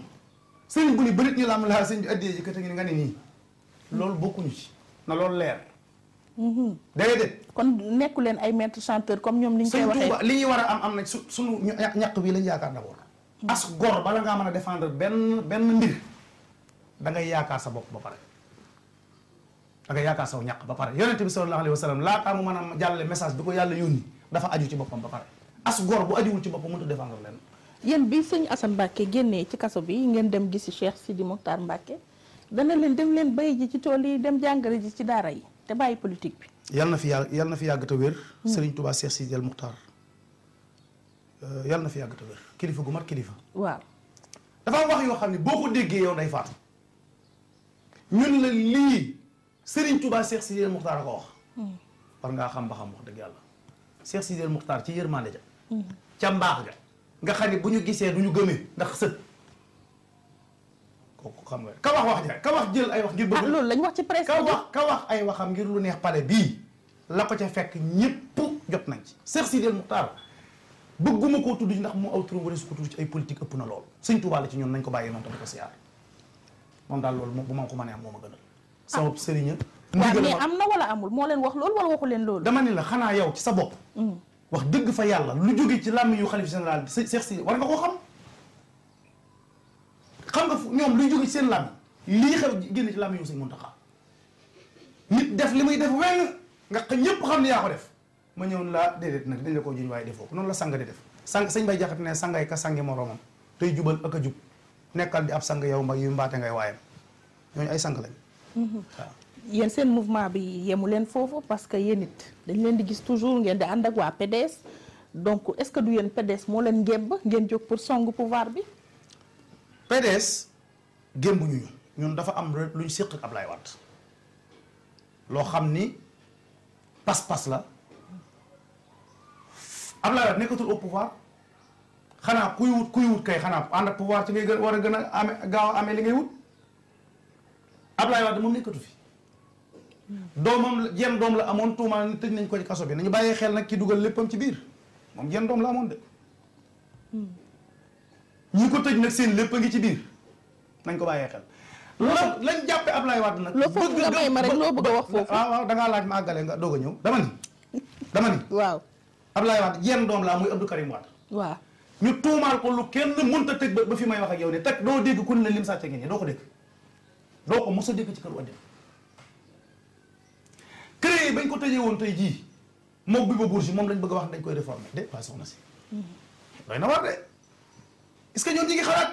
sëriñ bu ni bërit ñu la laa sëriñ bi addiyee nga ne nii loolu bokkuñu ci na loolu leer mm-hmm. déedéet kon nekku leen ay maître chanteur comme ñoom ni ñu koy waxee li ñuy war a am am na suñu ñàq bii lañ yaakaar d'abord mm-hmm. as gor bala ngaa mën a défendre benn benn mbir da ngay yaakaar sa bopp ba pare da ngay yaakaar saw ñàq ba pare yonent bi sallallahu alayhi wa sallam laataa mu mën a jàllale message bi ko yàlla yónni dafa aju ci boppam ba pare as góor bu ajuwul ci boppam mënut a défendre leen yéen bi sëñ Assane Mbacke génnee ci kaso bi ngeen dem gis gisi Cheikh Sidi Mokhtar Mbacke dana leen dem leen bay ji ci tool yi dem jàngale ji ci daara yi te bàyyi politique bi yal na fi yàgg yal na fi yàgg te wér hmm. Serigne Touba Cheikh Sidi El Mokhtar euh, yal na fi yàgg kilifa gu mat kilifa waaw wax yoo xam ne boo déggee yow day faatu ñun la lii Serigne Touba Cheikh Sidil Muxtaar a ko wax. Hmm. war ngaa xam xam wax dëgg yàlla Cheikh Sidil Muxtaar ci yërmande ja. Hmm. ca mbaax ga. nga xam ne bu ñu gisee du ñu gëmee ndax sët. xam nga ka wax wax ja ka jël ay wax ngir bëgg. ah lañ wax ci presse ka wax ka wax ay waxam lu neex pale bii la ko ca fekk ñëpp jot nañ ci. Cheikh Sidil Muxtaar bëgguma koo tudd ndax mu aw turam wala su ko ci ay politique ëpp na lool Sëñ Touba la ci ñun nañ ko bàyyi noonu tamit ko siyaar. man moom bu ma ko mënee am moo ma gënal. Ah. sabab am na wala amul moo leen wax loolu wala waxu leen loolu. la xanaa yow ci sa bopp. Mm. wax dëgg fa yàlla lu jóge ci làmmi yu xalif général bi Seex si war nga koo xam. nga fu ñoom luy jóge seen làmmi lii xew ci làmmi yu Sëñ Muntaxa nit def li muy def wenn nga ñëpp xam ne yaa ko def ma ñëw laa déedéet nag dañ la koo juñ waaye defoo ko noonu la sang di def sang sëñ bay jaxat ne sangay ka sangi moroomam tey jubal ak a jub nekkal bi ab sang yow ma yu mbaate ngay waayam ñooñu ay sang lañ waaw seen mouvement bi yemu leen foofu parce que yéen it dañ leen di gis toujours ngeen di ànd ak waa PDS donc est-ce que du yéen PDS moo leen ngébb ngeen jóg pour song pouvoir bi PDS gémbuñu ñun dafa am lu ñu séq ak Ablaye Wade loo xam ni pas-pas la Ablaye Wade nekkatul au pouvoir xanaa kuy wut kuy wut kay xanaa ànd ak pouvoir ci ngay gën war a gën a amee gaaw a amee li ngay wut Ablaye Wade moom nekkatu fi doomam jenn doom la amoon tuumaal ne tëj nañ ko kaso bi nañu bàyyee xel nag ki dugal léppam ci biir moom jenn doom la amoon ko tëj nag seen lépp ngi ci biir nañ ko bàyyee xel la lañ jàppe Ablaye Wade nag loo foofu nga may ma rek loo bëgg a wax foofu waaw ah, waaw dangaa laaj ma àggale nga doog a ñëw dama ni dama ni waaw Ablaye Wade jenn doom la am muy Abdou Karim Wade waaw ñu tuumaal ko lu kenn mënta teg ba fi may wax ak yow ne teg doo dégg ku ne la lim sàcc ngeen ne doo ko dégg doo ko mos a dégg ci këru àddina créé bañ ko tëjee woon tey jii moom bi ba Bourgi moom lañ bëgg a wax dañ koy réformer de waa soxna si mm-hmm. doy na war que ñoom ñi ngi xalaat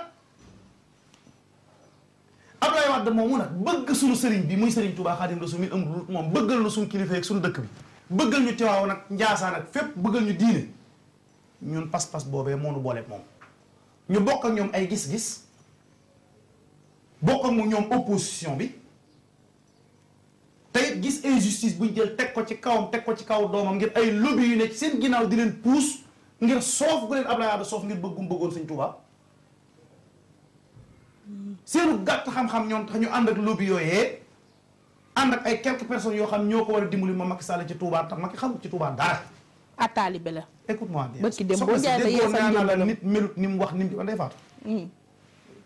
Abdoulaye Wade moomu nag bëgg suñu sëriñ bi muy sëriñ Touba Xaadim Rasuul mi amul moom bëggal na suñu kilifa ak dëkk bi bëggal ñu Tiwaawan nag Njaasaan ak fépp bëggal ñu diine ñun pas-pas boobee moo nu booleeg moom ñu bokk ak ñoom ay gis-gis bokk mu ñoom opposition bi te it gis injustice buñ jël teg ko ci kawam teg ko ci kaw doomam ngir ay lobby yu ne seen ginnaaw di leen puus ngir soof gu leen Abdoulaye ab soof ngir bëggum bëggoon Sëñ Tuubaa seenu gàtt xam-xam ñoom tax ñu ànd ak lobby yooyee ànd ak ay quelques personnes yoo xam ñoo ko war a dimbali ma Macky Sall ci Touba tax Macky xamul ci Touba daal. ab la. écoute-moi bien. bëgg dem la nit melut ni mu wax ni mu wax day faatu. Hmm.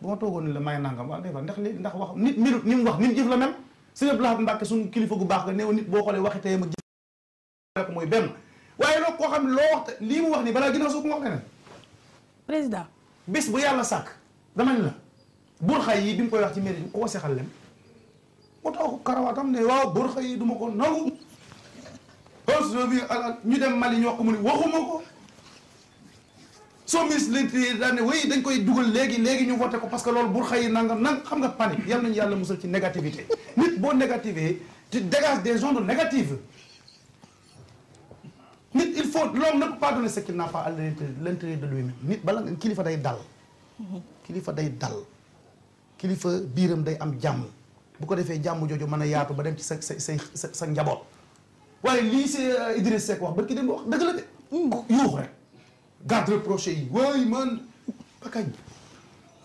bu ma toogoon ni la may nangam waaw ndax li ndax wax nit melut wax ni mu la même sëñ Abdoulaye Mbacke suñu kilifa gu baax nga néew nit boo xoolee waxi tey ma jëf mooy benn waaye loolu koo xam ne loo wax lii mu wax nii balaa ginnaaw suuf mu wax leneen. président. bis bu yàlla sàkk dama ni la burxa yi bi mu koy wax ci mairie bi ko seexal lem mu taw ko karawaatam ne waaw burxa yi du ko nangu aujourd'hui alal ñu dem Mali ñoo wax ko mu ne waxuma ko soo ministre de l'Intérieur daan dañ koy dugal léegi léegi ñu voté ko parce que loolu bu xëy nanga nang xam nga panique yal nañu yàlla musal ci négativité nit boo négativé tu dégages des ondes négative nit il faut l'homme ne peut pas donner ce qu'il n'a de lui-même nit bala nga kilifa day dal kilifa day dal kilifa biiram day am jàmm bu ko defee jàmm jooju man a yaatu ba dem ci sa sa sa sa njaboot waaye lii si euh, Idriss Seck wax ba ki dem wax dëgg la de. Hmm. yuux rek garde reproché yi waay man ba kañ.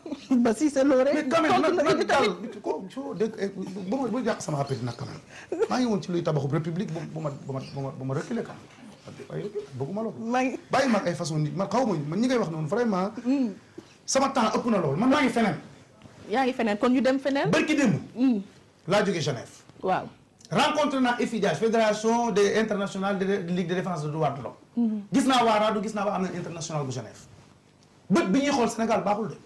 ba si sa loore. mais quand même nag nag daal ko soo dégg eh, ba ma ba yàq sama appétit nag quand même maa ngi woon ci luy tabaxub république bu ma bu ma bu ma bu ma reculé quand même bëgguma loolu. maa ngi bàyyi ma ay façon nit man xaw ma man ñi ngay wax noonu vraiment. Hmm. sama temps ëpp na loolu man maa ngi feneen. yaa ngi feneen kon ñu dem feneen. barki démb. Hmm. laa jógee Genève. waaw. rencontre naa FIDH fédération des internationales de ligue de défense de droits de l'homme gis naa waa raadu gis naa waa am na international bu Genève bët bi ñuy xool Sénégal baaxul de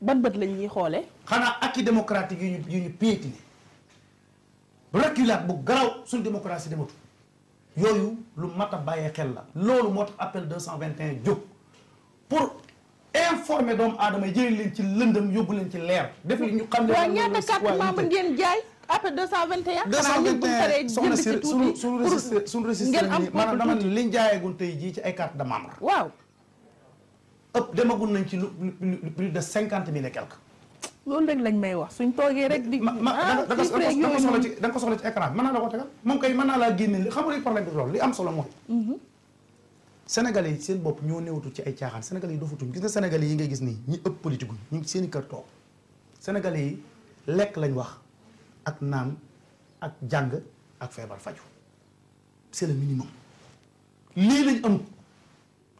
ban bët lañ ñuy xoolee xanaa acquis démocratique yu ñu yu ñu piétiné reculade bu garaw suñ démocratie dematu yooyu lu mat a bàyyee xel la loolu moo tax appel 221 jóg pour informer doomu aadama yi jëlee leen ci lëndëm yóbbu leen ci leer def li ñu xam ne waaw ñaata carte membre ngeen jaay après 221. 221 soxna dama ni liñ jii ci ay carte de membre. waaw. ëpp nañ ci lu plus de cinquante mille et quelque. loolu rek lañ may wax suñ toogee rek. di ah da nga ko soxla da ko soxla ci écran mën naa la ko tegal moom kay mën naa laa génne li xamul problème bi loolu li am solo mooy. Mhm. Sénégalais yi seen bopp ñoo néewatu ci ay caaxaan Sénégalais yi dofatuñ gis nga Sénégalais yi ngay gis nii ñi ëpp politique ñu ngi seen i kër toog Sénégalais yi lekk lañ wax ak naan ak jàng ak feebar faju c'est le minimum lii lañ am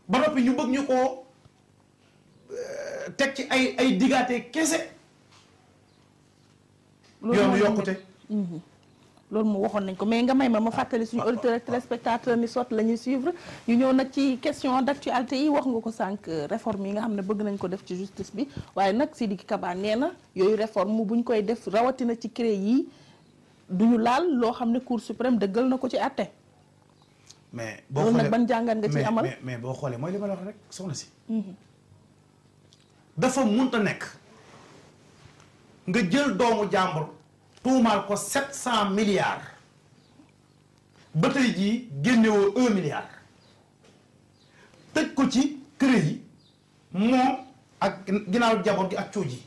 ba noppi ñu bëgg ñu koo euh, teg ci ay ay digaate kese yoonu yokkute mm-hmm. loolu mu waxoon nañ ko mais nga may ma ma fàttali suñu auditeur ak téléspectateur ni sot la ñuy suivre ñu ñëw nag ci question d'actualité yi wax nga ko sànq réforme yi nga xam ne bëgg nañ ko def ci justice bi waaye nag Sidiki Kaba nee na yooyu bu ñu koy def rawatina ci cré yi duñu laal loo xam ne cour suprême dëggal na ko ci àtte mais boo xoolee loolu ban jàngat nga ci amal mais boo xoolee mooy li ma la wax rek soxna si mhm. dafa munta nekk nga jël doomu jàmbur tuumaal ko sept cent milliards ba tey jii génnewoo un milliard tëj ko ci kër yi moom ak ginnaaw jaboot gi ak cuuj yi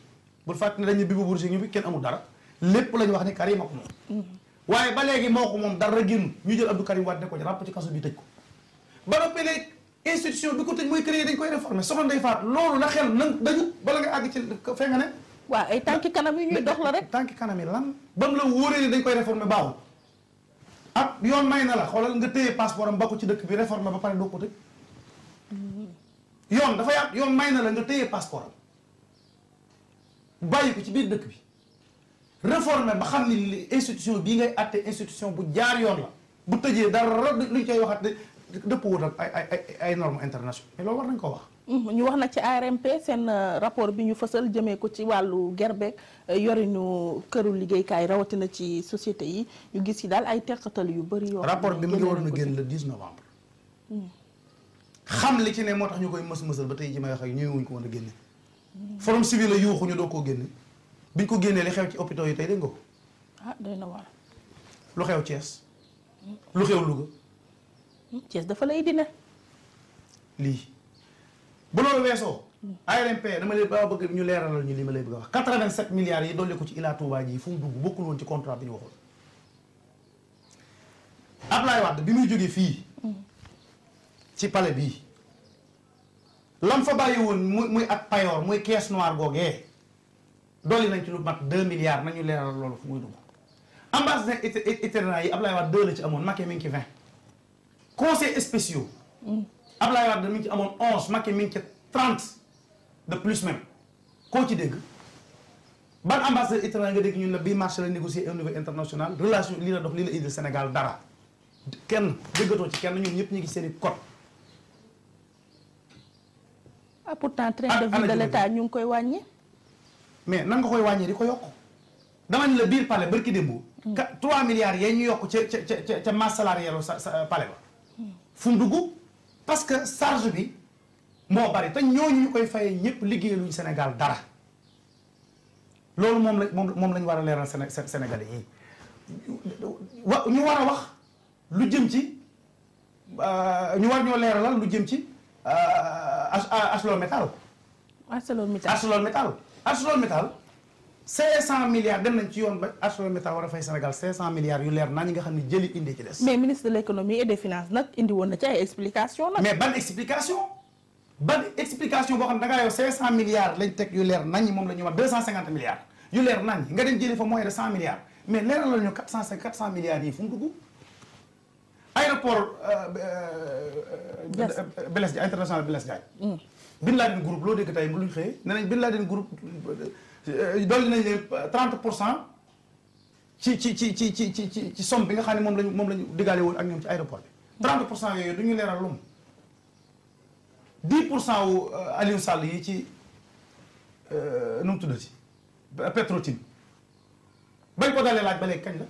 bul fàttali ne dañu bibu bur si ñu bi kenn amul dara lépp la ñu wax ne Karim ak moom mm-hmm. waaye ba léegi moo ko moom dara génn ñu jël Abdou Karim Wade ne ko ci ràpp ci kaso bi tëj ko ba noppee léegi institution bi ko tëj mooy créé dañ koy réformer soxna day faat loolu la xel na dañu bala nga àgg ci fee nga waaw ay tànki kanam yi ñuy dox la rek. tànki kanam yi lan. bam la wóoree ni dañ koy réformer baaxul. ak yoon may na la xoolal nga téye passeport am ba ko ci dëkk bi réformer ba pare doo ko tëj. yoon yoon may na la nga téye passeport am bàyyi ci biir dëkk bi. réformer ba xam ni institution bii ngay àtte institution bu jaar yoon la bu tëjee dara luñ koy waxaat dëppwut ak ay ay ay normes mais loolu war nañ ko wax mhm, ñu wax na ci ARMP seen euh, rapport bi ñu fësal jëmee ko ci wàllu gerbe euh, yorinu këru liggéeykaay rawatina ci société yi ñu gis yi daal ay teqatal yu bari yoo rapport bi mu ngi waroon a génn le 10 novembre mhm. xam li ci ne moo tax ñu koy mës-mësal ba tey ji may wax ak ñëwuñ ko woon a génne forum civil la yuuxu ñu doo koo génne biñ ko génnee li xew ci hôpitaux yi tey dégg ko ah day na waar lu xew Thiès lu xew Louga Hmm, Thiès dafa lay dina. lii bu loolu weesoo. ARMP dama lay ba bëgg ñu leeralal ñu li ma lay bëgg a wax 87 milliards yi dolli ko ci Ila Touba ji fu mu dugg bokkul woon ci contrat bi ñu waxoon. Ablaye Wade bi muy jógee fii. Hmm. ci pale bii. lam fa bàyyi woon mu muy ak payoor muy caisse noire googee dolli nañ ci lu mat 2 milliards nañu leeral loolu fu muy dugg. ambassade éternel yi Ablaye Wade 2 la ci amoon Macky mi ci 20. conseils spéciaux. Abdoulaye Wade mi ngi ci amoon onze Macky mi ngi ci trente de plus même koo ci dégg ban ambassadeur italien nga dégg ñun la biir marché la négocier au niveau international relation lii la dox lii la indil Sénégal dara kenn déggatoo ci kenn ñun ñëpp ñu ngi seen i code. ah pourtant train ah, de vie de l'état ñu ngi koy wàññi. mais nan nga koy wàññi di ko yokk dama ni la biir palais barki démb. 3 mm. milliards yee ñu yokk ca ca ca ca masse salariale sa palais fu mu dugg parce que charge bi moo bari te ñooñu ñu koy fayee ñëpp liggéeyaluñ Sénégal dara loolu moom la moom moom la war a leeral Séné Sénégalais yi wa ñu war a wax lu jëm ci ñu war ñoo leeralal lu jëm ci ArcelorMittal ArcelorMittal ArcelorMittal ArcelorMittal 500 milliards dem nañ ci yoon ba ArcelorMittal war a fay Sénégal milliards yu leer naa nga xam ne jëli indi ci des. mais ministre de l'économie et des finances nag indi woon na ci ay explications nag. mais ban explication ban explication boo xam ne da ngaa teg yu leer nañ moom la ñu wax 250 milliards yu leer nañ nga dem jëli fa moyen de milliards mais leeral la ñu 400 400 milliards yi fu mu dugg. aéroport euh, euh, euh, Blaise Diagne international Blaise Diagne. Hmm. Bin Euh, dolli nañ leen 30 pour cent ci ci ci ci ci ci ci somme bi nga xam ne moom lañ moom lañu diggaale woon ak ñoom ci aéroport bi 30 pour cent yooyu du ñu leeral lum 10 pour cent wu euh, Aliou Sall yi ci euh, nu mu tuddati Petrotim bañ ko dalee laaj ba léegi kañ la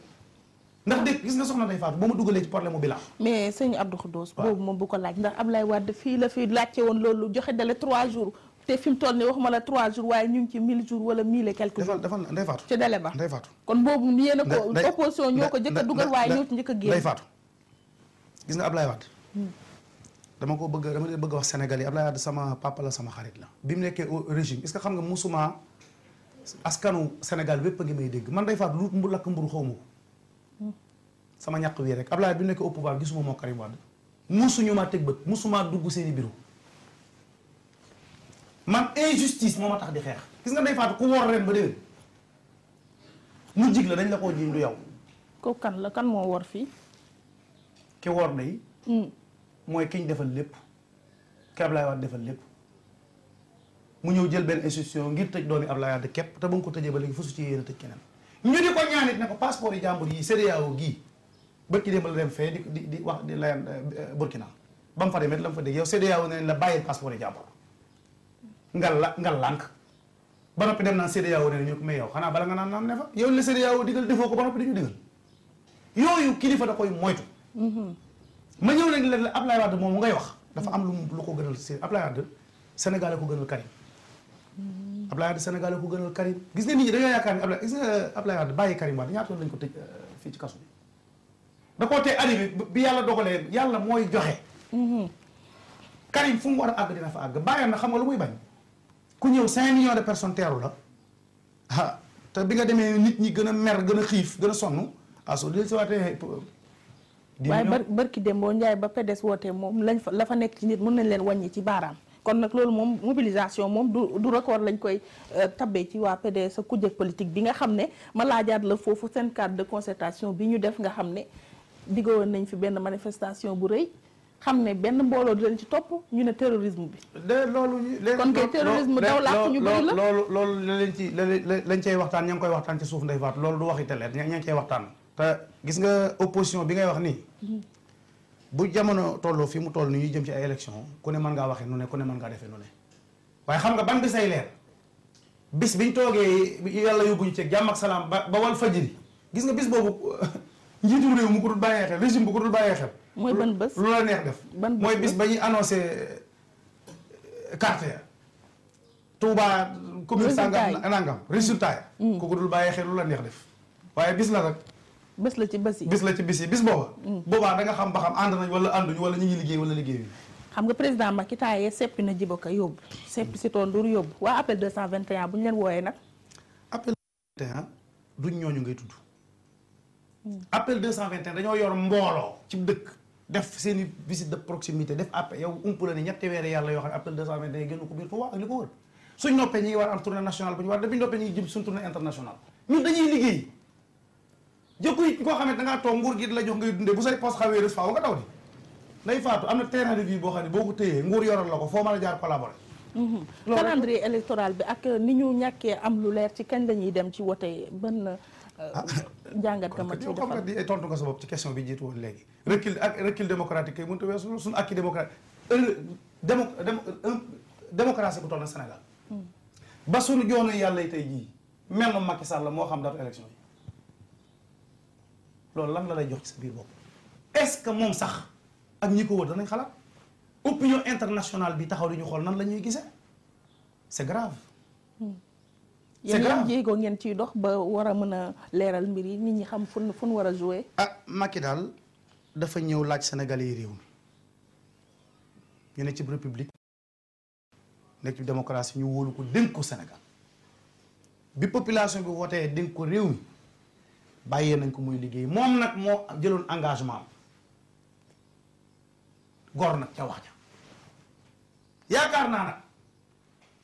ndax dégg gis nga soxna day faatu mais sëñ Abdou Khoudoss boobu moom bu ko laaj ndax Ablaye Wade fii la fii laajte woon loolu joxe dale 3 jours te fi mu toll nii waxuma la 3 jours waaye ñu ngi ci 1000 jours wala 1000 et quelques jours. dafa dafa faatu ci délai ba ndey faatu. kon boobu yéen a ko opposition ñoo ko njëkk a dugal waaye ñoo ci njëkk a génn ndey faatu. gis nga Ablaye Wade. Hmm. dama ko bëgg dama leen bëgg wax Sénégal yi Ablaye Wade sama papa la sama xarit la. bi mu nekkee au régime est-ce que xam nga musuma askanu Sénégal bépp a ngi may dégg man ndey faatu lu mu lakk mburu xaw ko. Hmm. sama ñàq wi rek Ablaye bi mu nekkee au gisuma moo Karim Wade musuñu maa teg bët musuma dugg seeni bureau man injustice moo a tax di xeex gis nga day faatu ku wor ren ba déwén mu jig la dañ la koo jiñ du yow. ko kan la kan moo wor fii. ki wor day. Hmm. mooy kiñ defal lépp ki Ablaye Wade defal lépp mu ñëw jël benn institution ngir tëj doomi Ablaye Wade képp te ba nga ko tëjee ba léegi fasu ci yéen a tëj keneen ñu di ko ñaanit ne ko passeport yi jàmbur yi CEDEAO gii bët ki dem la dem fee di di wax di layan eh, Burkina ba mu fa demet la mu fa dégg yow CEDEAO ne la bàyyil nga la nga lànk ba noppi dem naa CEDEAO ne ñu mais yow xanaa bala nga naan naam ne fa yow li CEDEAO digal defoo ko ba noppi dañu digal yooyu kilifa da koy moytu mm-hmm. ma ñëw nag leen Ablaye Wade moom mu ngay wax dafa am lu lu ko gënal si Ablaye Wade Sénégal ko gënal Karim mm-hmm. Ablaye Wade Sénégal ko gënal gis nga nit ñi yaakaar ni Ablaye gis nga euh, Ablaye Wade bàyyi Karim Wade ko tëj euh, fii ci kaso bi da koo tee arrivé bi yàlla dogalee yàlla mooy joxe mm-hmm. Karim fu mu war a àgg dina na xam nga lu muy bañ ku ñëw cinq millions de personnes teeru la ah te bi nga demee nit ñi gën a mer gën a xiif gën a sonn ah soo dee si waatee. Eh, waaye bar barki dem boo Ndiaye ba PDS wootee moom lañ fa la fa nekk ci nit mën nañ leen wàññi ci baaraam kon nag loolu moom mobilisation moom du du record lañ koy euh, tabbee ci waa PDS ku jëkk politique bi nga xam ne ma laajaat la foofu seen cadre de concertation bi ñu def nga xam ne diggoon nañ fi benn manifestation bu rëy. xam ne benn mbooloo di leen ci topp ñu ne terrorisme bi. loolu léegi kon kay terrorisme daw làkk ñu bëri la loolu loolu la leen ci la lañ cay waxtaan ña ngi koy waxtaan ci suuf nday faat loolu du waxi teleet ña ngi cay waxtaan. te gis nga opposition bi ngay wax nii. Mm-hmm. bu jamono tolloo fi mu toll ni ñuy jëm ci ay élection ku ne mën ngaa waxee nu ne ku ne mën ngaa defee nu ne waaye xam nga ban bi say leer bis biñ toogee yàlla yóbbuñu ci jàmm ak salaam ba ba wal fajiri gis nga bis boobu njiitu réew mu ko dul bàyyee xel régime bu bàyyee xel mooy ban bés lu la neex def. ban bés mooy bis ba ñu annoncé carte euh, ya Touba commune sangam nangam résultat ko ko dul bàyyi xel lu la neex def. waaye bis la rek. bis la ci bés yi bis la ci bés yi bis booba. Mm. boobaa da xam ba xam ànd nañ wala ànduñu wala ñu ngi liggéey wala liggéeyuñu. xam nga président Macky taaye seppi na Djibo Ka yóbbu. seppi si toon dur yóbbu waa appel 221 bu ñu leen wooyee nag. appel 221 duñ ñooñu ngay tudd. Mm. appel 221 dañoo yor mbooloo ci dëkk. def seen i de proximité def appel yow umpale ni ñetti weeri yàlla yoo xam ne appel 221 génn am tournée nationale bu ñu war def bu xam ne dangaa toog nguur gi la jox ngay dundee bu say poste xawee rës faaw nga daw di nday faatu am na terrain de boo xam ne boo ko téyee nguur yoral la ko foo mën a jaar collaborer mhm. calendrier électoral bi ak ni ñu ñàkkee am lu leer ci kañ la dem ci wote ban Euh, jàngat ka ma ciy defal xam nga tontu nga sa bopp ci question bi jiitu woon léegi. recul ak recul démocratique kay mënut a weesu loolu suñu acquis démocratique démo démocratie bu toll na Sénégal. Hmm. ba suñu joonu yàlla tey jii même Macky Sall la moo xam date élection yi loolu lan la lay jox ci sa biir bopp. est-ce que moom sax ak ñi ko wër danañ xalaat opinion internationale bi taxaw di ñu xool nan la ñuy gisee c'est grave. Hmm. c'est grave yéen ngeen ciy dox ba war a mën a leeral mbir yi nit ñi xam fu fu nu war a joué. ah Macky daal dafa ñëw laaj Sénégalais yi réew mi ñu ne ci république nekk ci démocratie ñu wóolu ko dénk ko Sénégal bi population bi wootee dénk ko réew mi bàyyee nañ ko muy liggéey moom nag moo jëloon engagement am gor nag ca wax ja yaakaar naa nag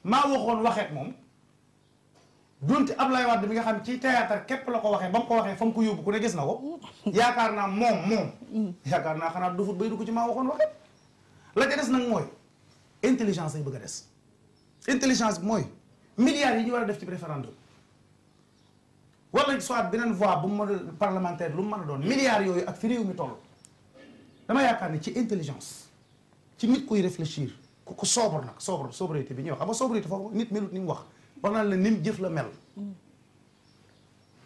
maa waxoon waxeek moom. donte Ablaye Wade mi nga xam ci théâtre képp la ko waxee ba mu ko waxee fa mu ko yóbbu ku ne gis na ko yaakaar naa moom moom mm. yaakaar naa xanaa dufut bay du ko ci maa waxoon waxee la ca des nag mooy intelligence ay bëgg a des intelligence bi mooy milliards yi ñu war a def ci référendum wala soit beneen voie bu mu mën parlementaire lu mu mën a doon milliards yooyu ak fi réew mi toll dama yaakaar ne ci intelligence ci nit kuy réfléchir ku ko sobre nag sobre sobriété bi ñuy wax xam nga sobriété nit melut ni mu wax banaan la nim jëf la mel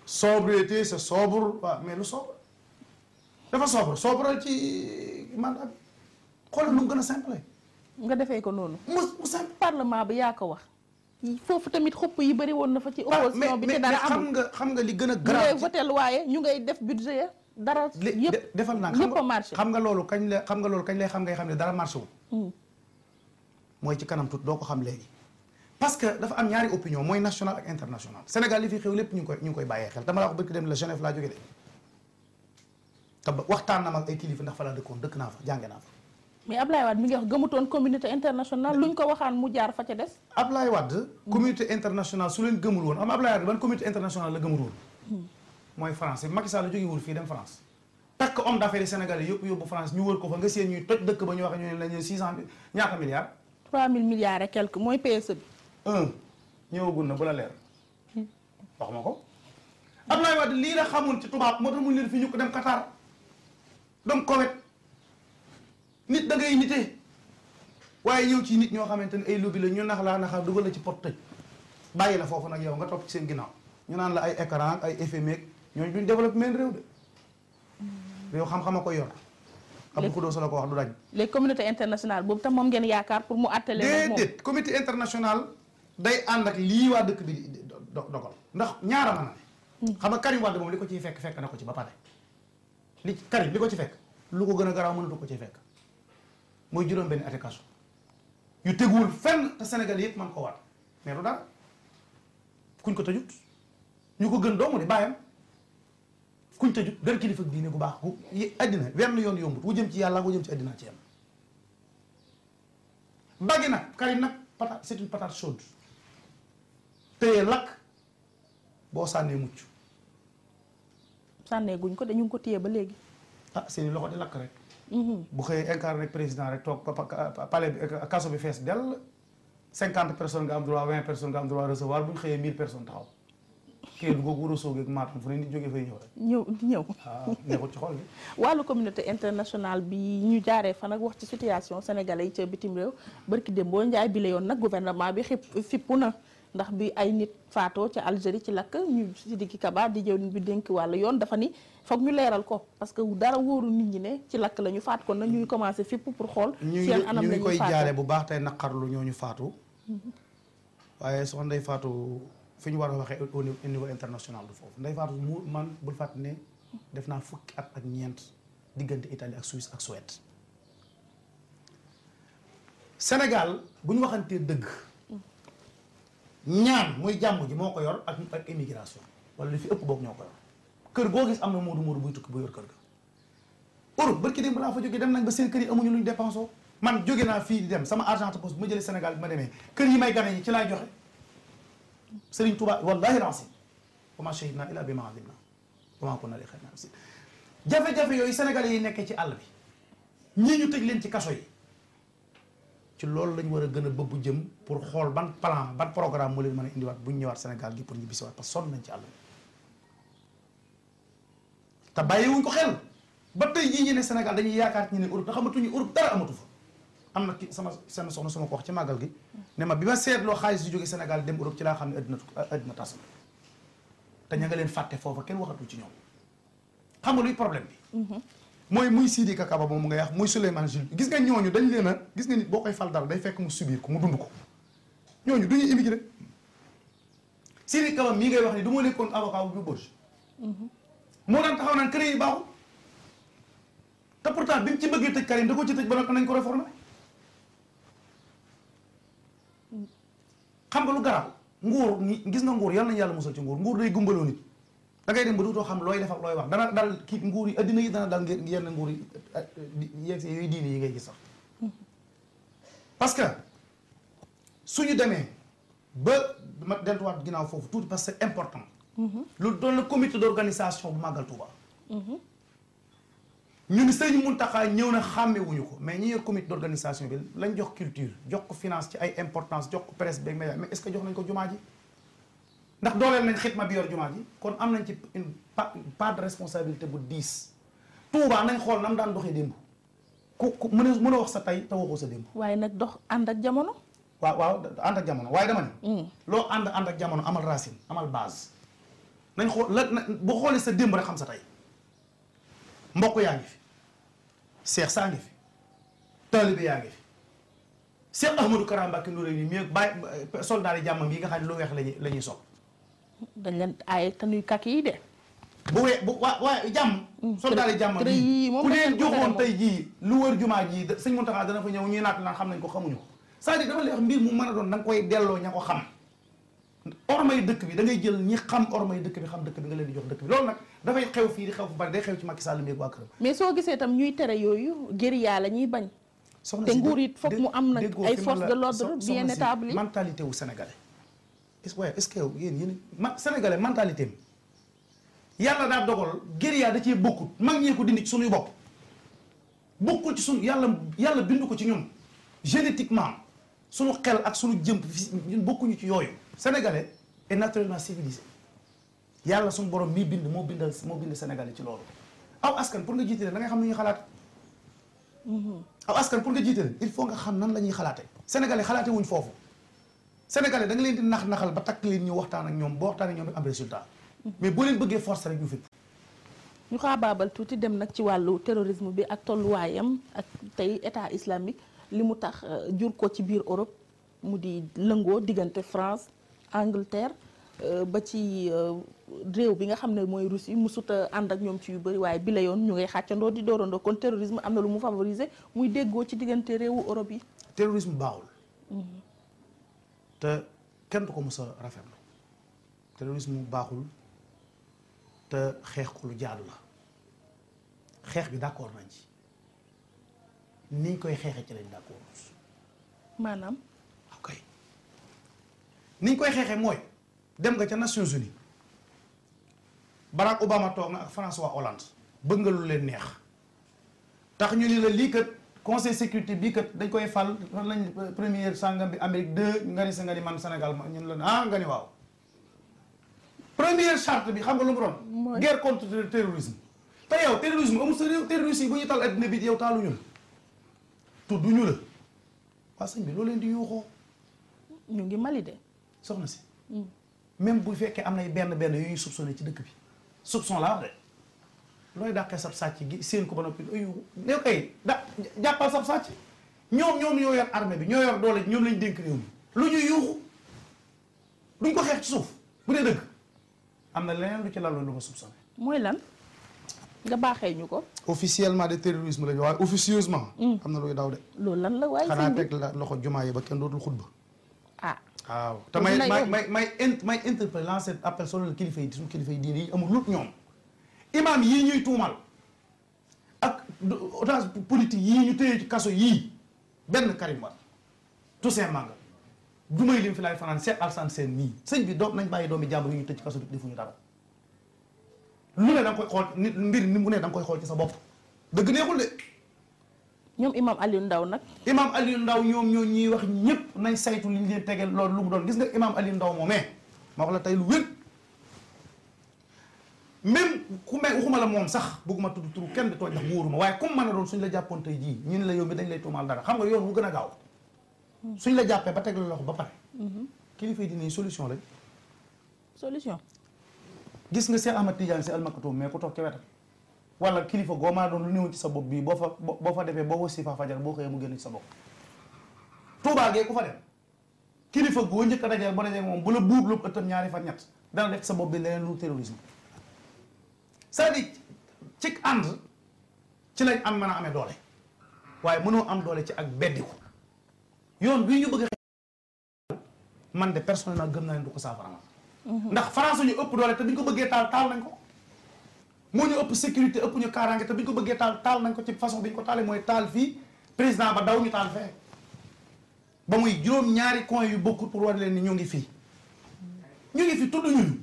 sobriété c'est sobre waaw mais lu sobre dafa sobre sobral ci mandat bi xoolal nu mu gën a simple nga defee ko noonu mu mu simple parlement bi yaa ko wax foofu tamit xupp yi bari woon na fa ci opposition bi te dara amul nga xam nga li gën a grave ñu ngay ñu ngay def budget dara yëpp defal naa yëpp a marché xam nga loolu kañ la xam nga loolu kañ lay xam ngay xam ne dara marché wu hmm. mooy ci kanam tut doo ko xam léegi parce que dafa am ñaari opinion mooy national ak international Sénégal li fi xew lépp ñu koy ñu koy bàyyee xel dama la wax bëgg dem la Genève laa jógee de waxtaan na ma ak ay kilifa ndax fa laa dëkk naa fa jànge naa fa. mais Ablaye Wade mi ngi wax gëmutoon communauté internationale mm-hmm. luñ ko waxaan mu jaar fa ca des. Ablaye Wade. communauté internationale su leen gëmul woon am Ablaye Wade ban communauté internationale mm-hmm. fii dem France. takk homme d'affaires yi Sénégal ba ñu wax ñu la ñu mooy PSE bi. un ñëwagul na bu la leer wax ma ko Abdoulaye Wade lii la xamoon ci tubaab moo tax mu leen fi ñu ko dem Qatar dem Koweït nit da waaye ñëw ci nit ñoo xamante ne ay lobby la ñu nax laa naxaar dugal la ci pot tëj bàyyi la foofu nag yow nga topp ci seen ginnaaw ñu naan la ay écran ak ay FMI ak ñooñu duñ développé meen réew de réew xam-xam a koy yor Abdou Khoudoss la ko wax du dañ léegi communauté internationale boobu tam moom ngeen yaakaar pour mu attale déedéet comité international day ànd ak lii waa dëkk bi dogal ndax ñaara mën na hmm. xam nga Karim Wade moom li ko ciy fekk fekk na ko ci ba pare li Karim li ko ci fekk lu ko gën a garaaw mënatu ko ci fekk mooy juróom benn ati kaso yu teguwul fenn te Sénégal yëpp man ko waat mais du kuñ ko tëjut ñu ko gën doomu di bàyyam kuñ tëjut gën kilifa diine gu baax gu addina wenn yoon yombut wu jëm ci yàlla wu jëm ci addina ci yam baggi nag Karim nag patate c'est une téye lakk boo sànnee mucc. sànnee guñ ko dañu ngi ko téye ba léegi. ah seeni loxo di lakk rek. Mm-hmm. bu xëyee incarné président rek toog palais bi eh, kaso bi fees dell. cinquante personnes nga am droit vingt personnes nga am droit recevoir bu ñu xëyee mille personnes taxaw. kii du googu Rosso geeg Matam fu ne nit jógee fay ñëw rek. ñëw ah, neexul ci xool bi. wàllu communauté internationale bi ñu jaaree fan ak wax ci situation sénégalais yi ca bitim réew barki démb boo njaay bi yoon nag gouvernement bi xip fippu na. ndax bi ay nit faatoo ca Algérie ci lakk ñu Sidiki Kaba di jëw bi dénk wàll yoon dafa ni foog ñu leeral ko parce que dara wóoru nit ñi ne ci lakk la ñu faat kon na ñuy commencé fipp pour xool seen anam la ñuy ñu koy jaare bu baax tey naqarlu ñooñu faatu waaye soxna Ndeye Fatou fi ñu war a waxee au niveau international du foofu Ndeye Fatou mu man bul fàtt ne def naa fukki at ak ñeent diggante Italie ak Suisse ak Suède Sénégal bu ñu waxantee dëgg ñaan muy jàmm ji moo ko yor ak ak immigration wala li fi ëpp boog ñoo ko yor kër goo gis am na moodu moodu buy tukki bu yor kër ga Europe barki dem balaa fa jógee dem nag ba seen kër yi amuñu luñ dépensé man jóge naa fii di dem sama argent poste bu ma jëlee Sénégal bi ma demee kër yi may gane yi ci laay joxe Serigne Touba wallahi rancim wama shahidna illa bima alimna bi kunna li xëy na jafe-jafe yooyu sénégalais yi nekkee ci àll bi ñii ñu tëj leen ci kaso yi ci loolu lañ war a gën a bëgg jëm pour xool ban plan ban programme moo leen mën a indiwaat bu ñu ñëwaat Sénégal gi pour ñu bisiwaat parce que sonn nañ ci àll te bàyyiwuñ ko xel ba tey jii ñu ne Sénégal dañuy yaakaar ñu ne Europe te xamatuñu Europe dara amatu fa am na ki sama seen soxna sama ko wax ci màggal gi ne ma bi ma seetloo xaalis yu jóge Sénégal dem Europe ci laa xam ne addina addina tas na te ña nga leen fàtte foofu kenn waxatu ci ñoom xam nga luy problème bi mm-hmm. mooy muy Sidi Kakaba moom nga wax muy Souleymane Jules gis nga ñooñu dañ leen a gis nga nit boo koy fal dara day fekk mu subir ko mu dund ko ñooñu du ñuy immigré Sidi Kakaba mii ngay wax ni du moo nekkoon avocat bu Bourges mhm. moo daan taxaw naan créé yi baaxul te pourtant bi mu ci bëggee tëj Karim da ko ci tëj ba noppi nañ ko réformé mm. xam nga lu garaaw nguur gis nga nguur yàlla nañu yàlla musal ci nguur nguur day gumbaloo nit dangay dem ba duutoo xam looy def ak looy wax dana dal kii nguur yi addina yi dana dal ngir yenn nguur yi yeeg yooyu diine yi ngay gis sax parce que suñu demee ba ma deltuwaat ginnaaw foofu tuuti parce que c'est important lu doon la comité d'organisation bu màggal Touba ñu ni sëñ Muntaxa ñëw na xàmmewuñu ko mais ñi yor comité d'organisation bi lañ jox culture jox ko finance ci ay importance jox ko presse beeg mais est jox nañ ko jumaa ji ndax dooleel nañ xitma bi yor jumaa ji kon am nañ ci une part de responsabilité bu diis Touba nañ xool nam daan doxee démb ku ku mën a wax sa tey te waxoo sa démb. waaye nag dox ànd ak jamono. waaw waaw ànd ak jamono waaye dama ne. Hmm. loo ànd ànd ak jamono amal racine amal baas nañ xool la bu xoolee sa démb rek xam sa tey mbokk yaa ngi fi seex saa ngi fi taalibe yaa ngi fi. Seex Ahmadou Kara Mbacké Noreyni mii ak bàyyi soldat yi jàmmam yi nga xam ne lu la la ñuy sopp dañ leen ay tanuy kak yi de. bu bu waa waa jàmm. Hmm. soldaari jàmm yi ku leen joxoon tey jii lu wër jumaa jii sëñ Mountakha dana fa ñëw ñuy naat xam nañ ko xamuñu ko c'est-à-dire dafa lay wax nga koy delloo ña ko xam ormay dëkk bi da jël ñi xam ormay dëkk bi xam dëkk bi nga leen di jox dëkk bi loolu nag dafay xew fii di xew fu bari day xew ci Macky Sall meeg waa këram mais soo gisee tam ñuy tere yooyu guérilla la ñuy bañ te nguur it foog mu am nag ay force de l'ordre bien établi mentalité wu sénégalais est-ce que est-ce que yéen yéen man mentalité mi yàlla daa dogal guérilla da cee bokkut mag ñee ko dindi ci sunuy bopp bokkul ci sunu yàlla yàlla bindu ko ci ñun génétiquement sunu xel ak sunu jëm ñun bokkuñu ci yooyu sénégalais est naturellement civilisé yàlla sunu borom mii bind moo bindal moo bind sénégalais ci loolu aw askan pour nga jiite leen da nga xam ni ñuy xalaat mm-hmm. aw askan pour nga jiite leen il faut nga xam nan la ñuy xalaate sénégalais xalaate wuñ foofu Sénégalais da nga leen di nax-naxal ba takk leen ñu waxtaan ak ñoom boo waxtaan ak ñoom am résultat mais boo leen bëggee force rek ñu fipp ñu xaabaabal tuuti dem nag ci wàllu terrorisme bi ak tolluwaayam ak tey état islamique li mu tax euh, jur ko ci biir Europe mu di lëngoo diggante France Angleterre euh, ba ci euh, réew bi nga xam ne mooy Russie mu sut ànd ak ñoom ci yu bëri waaye bi la yoon ñu ngay xàccandoo di doorandoo kon terrorisme am na lu mu favoriser muy déggoo ci diggante réewu Europe yi terrorisme baaxul mhm. te kenn du ko mës rafet rafetlu terrorisme baaxul te xeex ko lu jaadu la xeex bi d'accord nañ ci niñ koy xeexee ci lañ d'accord maanaam niñ koy xeexee mooy dem nga ca Nations Unies Barack Obama toog na ak François Hollande bëgg nga lu leen neex tax ñu ni la lii kat conseil sécurité bi kat dañ koy fal fan lañ première sàngam bi Amérique deux nga ni sa nga ni man Sénégal ma ñun la ne ah nga ni waaw première charte bi xam nga lu mu doon guerre contre le terrorisme te yow terrorisme amul sa réew terroriste yi bu ñuy tal addina bi yow taaluñu la tudduñu la waa sëñ bi loolu leen di yuuxoo ñu ngi Mali de soxna si mm. même bu fekkee am na benn benn yu ñuy soupçonné ci dëkk bi soupçon laa wax de looy dàqee sab sàcc gi seen ko ba noppi ayu léegi ay da jàppal sab sàcc ñoom ñoom ñoo yor armée bi ñoo yor doole ñoom lañu dénk réew mi lu ñu yuuxu duñ ko xeex suuf bu dee dëgg am na leneen lu ci laloon lu ma soupçonné mooy lan nga baaxee ñu ko officiellement de terrorisme la ñu waaye officieusement mm. am na luy daw de loolu lan la waaye xanaa teg la loxo jumaa yi ba kenn dootul xutba ah waaw te may may may may interpellé lancé appel solo la kilifa yi suñu kilifa yi diine yi amul lut ñoom imam yi ñuy tuumal ak otage politique yii ñu téye ci kaso yii benn Karim Wade Toussaint Manga lim fi laay fanaan seet Alassane Sène nii sëñ bi doom nañ bàyyi doomi jàmbur yi ñu tëj ci kaso bi defuñu dara lu ne da koy xool nit mbir ni mu ne danga koy xool ci sa bopp dëgg neexul de ñoom imam Aliou Ndaw nag imam Aliou Ndaw ñoom ñoo ñuy wax ñëpp nañ saytu li ñu leen tegel loolu lu mu doon gis nga imam Aliou Ndaw moomee ma wax la tey lu wér même ku may waxuma la moom sax bëgguma tudd turu kenn di tooñ ndax wóoruma waaye comme mën a doon suñ la jàppoon tey jii ñu ne la yow mi dañ lay tuumaal dara xam nga yoon wu gën a gaaw suñ la jàppee ba teg la loxo ba pare mhm. kilifa yi dinañ solution lañ solution gis nga Cheikh Ahmad Al Maktoum mais ku toog ca wetam wala kilifa goo mën a doon lu néew ci sa bopp bii boo fa boo fa defee boo wasi fa fajar boo xëyee mu génn sa bopp Tuubaa gee ku fa dem kilifa goo njëkk a dajeel ba dajee moom bu la buub lu ëttam ñaari fan ñett dana def sa bopp bi leneen lu terrorisme c'est-à-dire ci ànd ci lañ am man a amee doole waaye munoo am doole ci ak beddiku yoon bii ñu bëgg a man de personnellement gëm naa ne du ko saafara man mhm. ndax France ñu ëpp doole te bi ñu ko bëggee taal taal nañ ko moo ñu ëpp sécurité ëpp ñu kaaraange bi ko bëggee taal taal nañ ko ci façon bi ñu ko taalee mooy taal fii président ba daw ñu taal fee ba muy juróom-ñaari coin yu bokkut pour war leen ni ñu ngi fii ñu ngi fi tudd ñun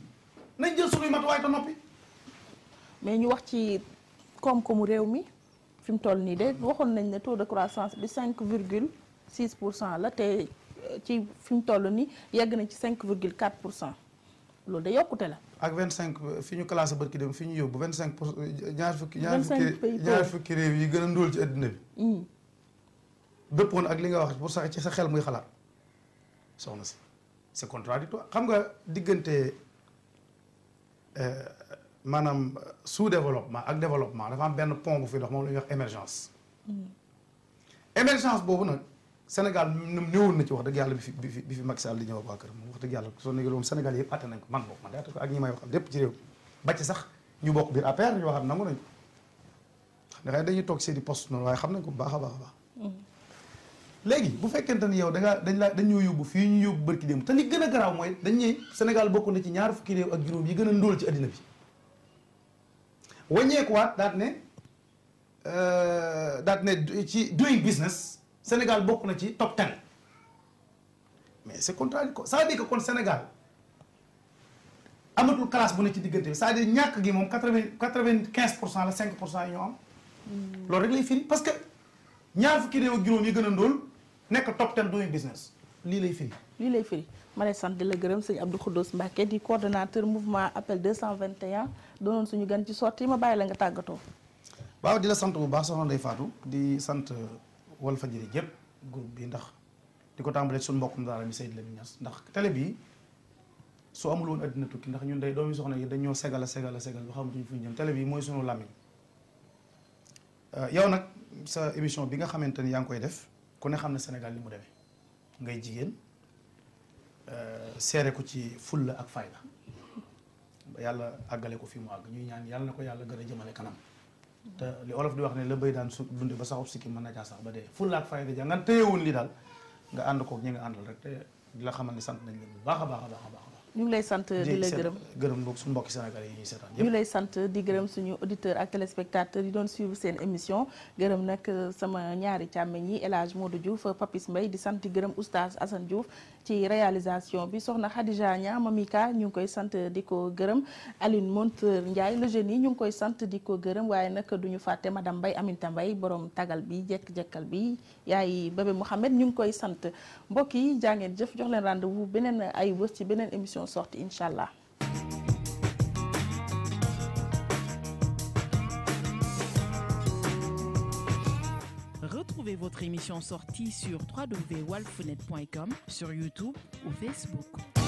nañ jël suñuy matuwaay te noppi mais ñu wax ci koom-koomu réew mi fi mu toll nii de waxoon nañ ne taux de croissance bi cinq virgule 6 pour cent la te euh, ci fi mu toll nii yegg nañ ci cinq virgule 4 pour cent loolu de yokkute la. ak 25 euh, fi ñu classé barki dem fi ñu yóbbu vingt cinq pour euh, ñaar fukki. ñaar fukki ñaar fukki réew yi gën a ndóol ci addina bi. dëppoon ak li nga wax pour sax ci sa xel muy xalaat soxna si c'est contradictoire xam nga diggante. maanaam euh, sous développement ak développement dafa am benn pont bu fi dox moom la ñuy wax émergence. Mm. émergence boobu nag Sénégal ñëwoon na ci wax dëgg yàlla bi fi bi fi bi fi Macky Sall di ñëw ak waa kër moom wax dëgg yàlla soo nekkee loolu Sénégal yëpp àtte nañ ko man bokk man daanaka xam nangu dañuy toog seen i poste noonu waaye xam nañ ko bu baax a baax a baax. Mm. léegi bu fekkente ni yow da ngaa dañ laa dañ ñoo yóbbu fii ñu yóbbu barki démb te li gën a garaaw mooy dañuy ne Sénégal bokk na ci ñaar fukki réew ak juróom yi gën a ndóol ci addina bi wàññeekuwaat daat ne euh, daat ne ci doing business Sénégal bokk na ci top 10 mais c'est contradictoire ça veut dire que kon Sénégal amatul classe bu ne ci diggante bi c'est-à-dire ñàkk gi moom quatre vingt quatre vingt quinze pour cent la cinq pour cent yi am. Hmm. loolu rek lay firi parce que ñaar fukki réew ak juróom yi gën a ndóol nekk top ten doing business. lii lay firi lii lay firi ma sant di la gërëm sëñ Abdou Khoudoss Mbacke di coordonnateur mouvement appel 221 doonoon suñu gan ci sorti ma bàyyi la nga tàggatoo waaw di la sant bu baax soxna Ndeye faatu di sant Walfadjri yëpp groupe bi ndax di ko tàmbalee suñu mbokkum daara mi Seydou Lamine Niass ndax tele bi su amul woon addina tukki ndax ñun day doomi soxna yi dañoo segal a segal a segal ba xamatuñu fu ñu jëm tele bi mooy suñu làmmiñ euh, yow nag sa émission bi xamante ni yaa ngi koy def ku ne xam ne Sénégal li mu demee ngay jigéen euh, seere ko ci fulla ak fayda ba yàlla àggale ko fi mu àgg ñuy ñaan yàlla na ko yàlla gën a jëmale kanam te li olof di wax ne la béy daan su dunde ba saxub sikki mën na caa sax ba dee fulla ak fayda ja nga téyewoon li daal nga ànd kook ñi nga àndal rek te la xamal ne sant nañ leen bu baax a baax a baax a baax ñu ngi lay sant di gërëm gërëm boog suñu mbokki lay sant di gërëm suñu auditeurs ak téléspectateurs yi doon suivre seen émission gërëm nag euh, sama ñaari càmmeñ yi El Hadj Modou Diouf euh, Papis mbay di sant gërëm oustaz Assane Diouf ci réalisation bi soxna Khadija Niama Mika ñu ngi koy sant di ko gërëm Aline Monteur Ndiaye le jeune yi ñu ngi koy sant di ko gërëm waaye nag duñu fàtte madame mbay Aminta Mbaye borom tagal bi jekk-jekkal bi yaay Bébé Mouhamed ñu ngi koy sant mbokk yi jàngeen jëf jox leen rendez beneen ay ci beneen émission sortie incha allah. Retrouvez votre émission sortie sur www.walfnet.com, sur YouTube ou Facebook.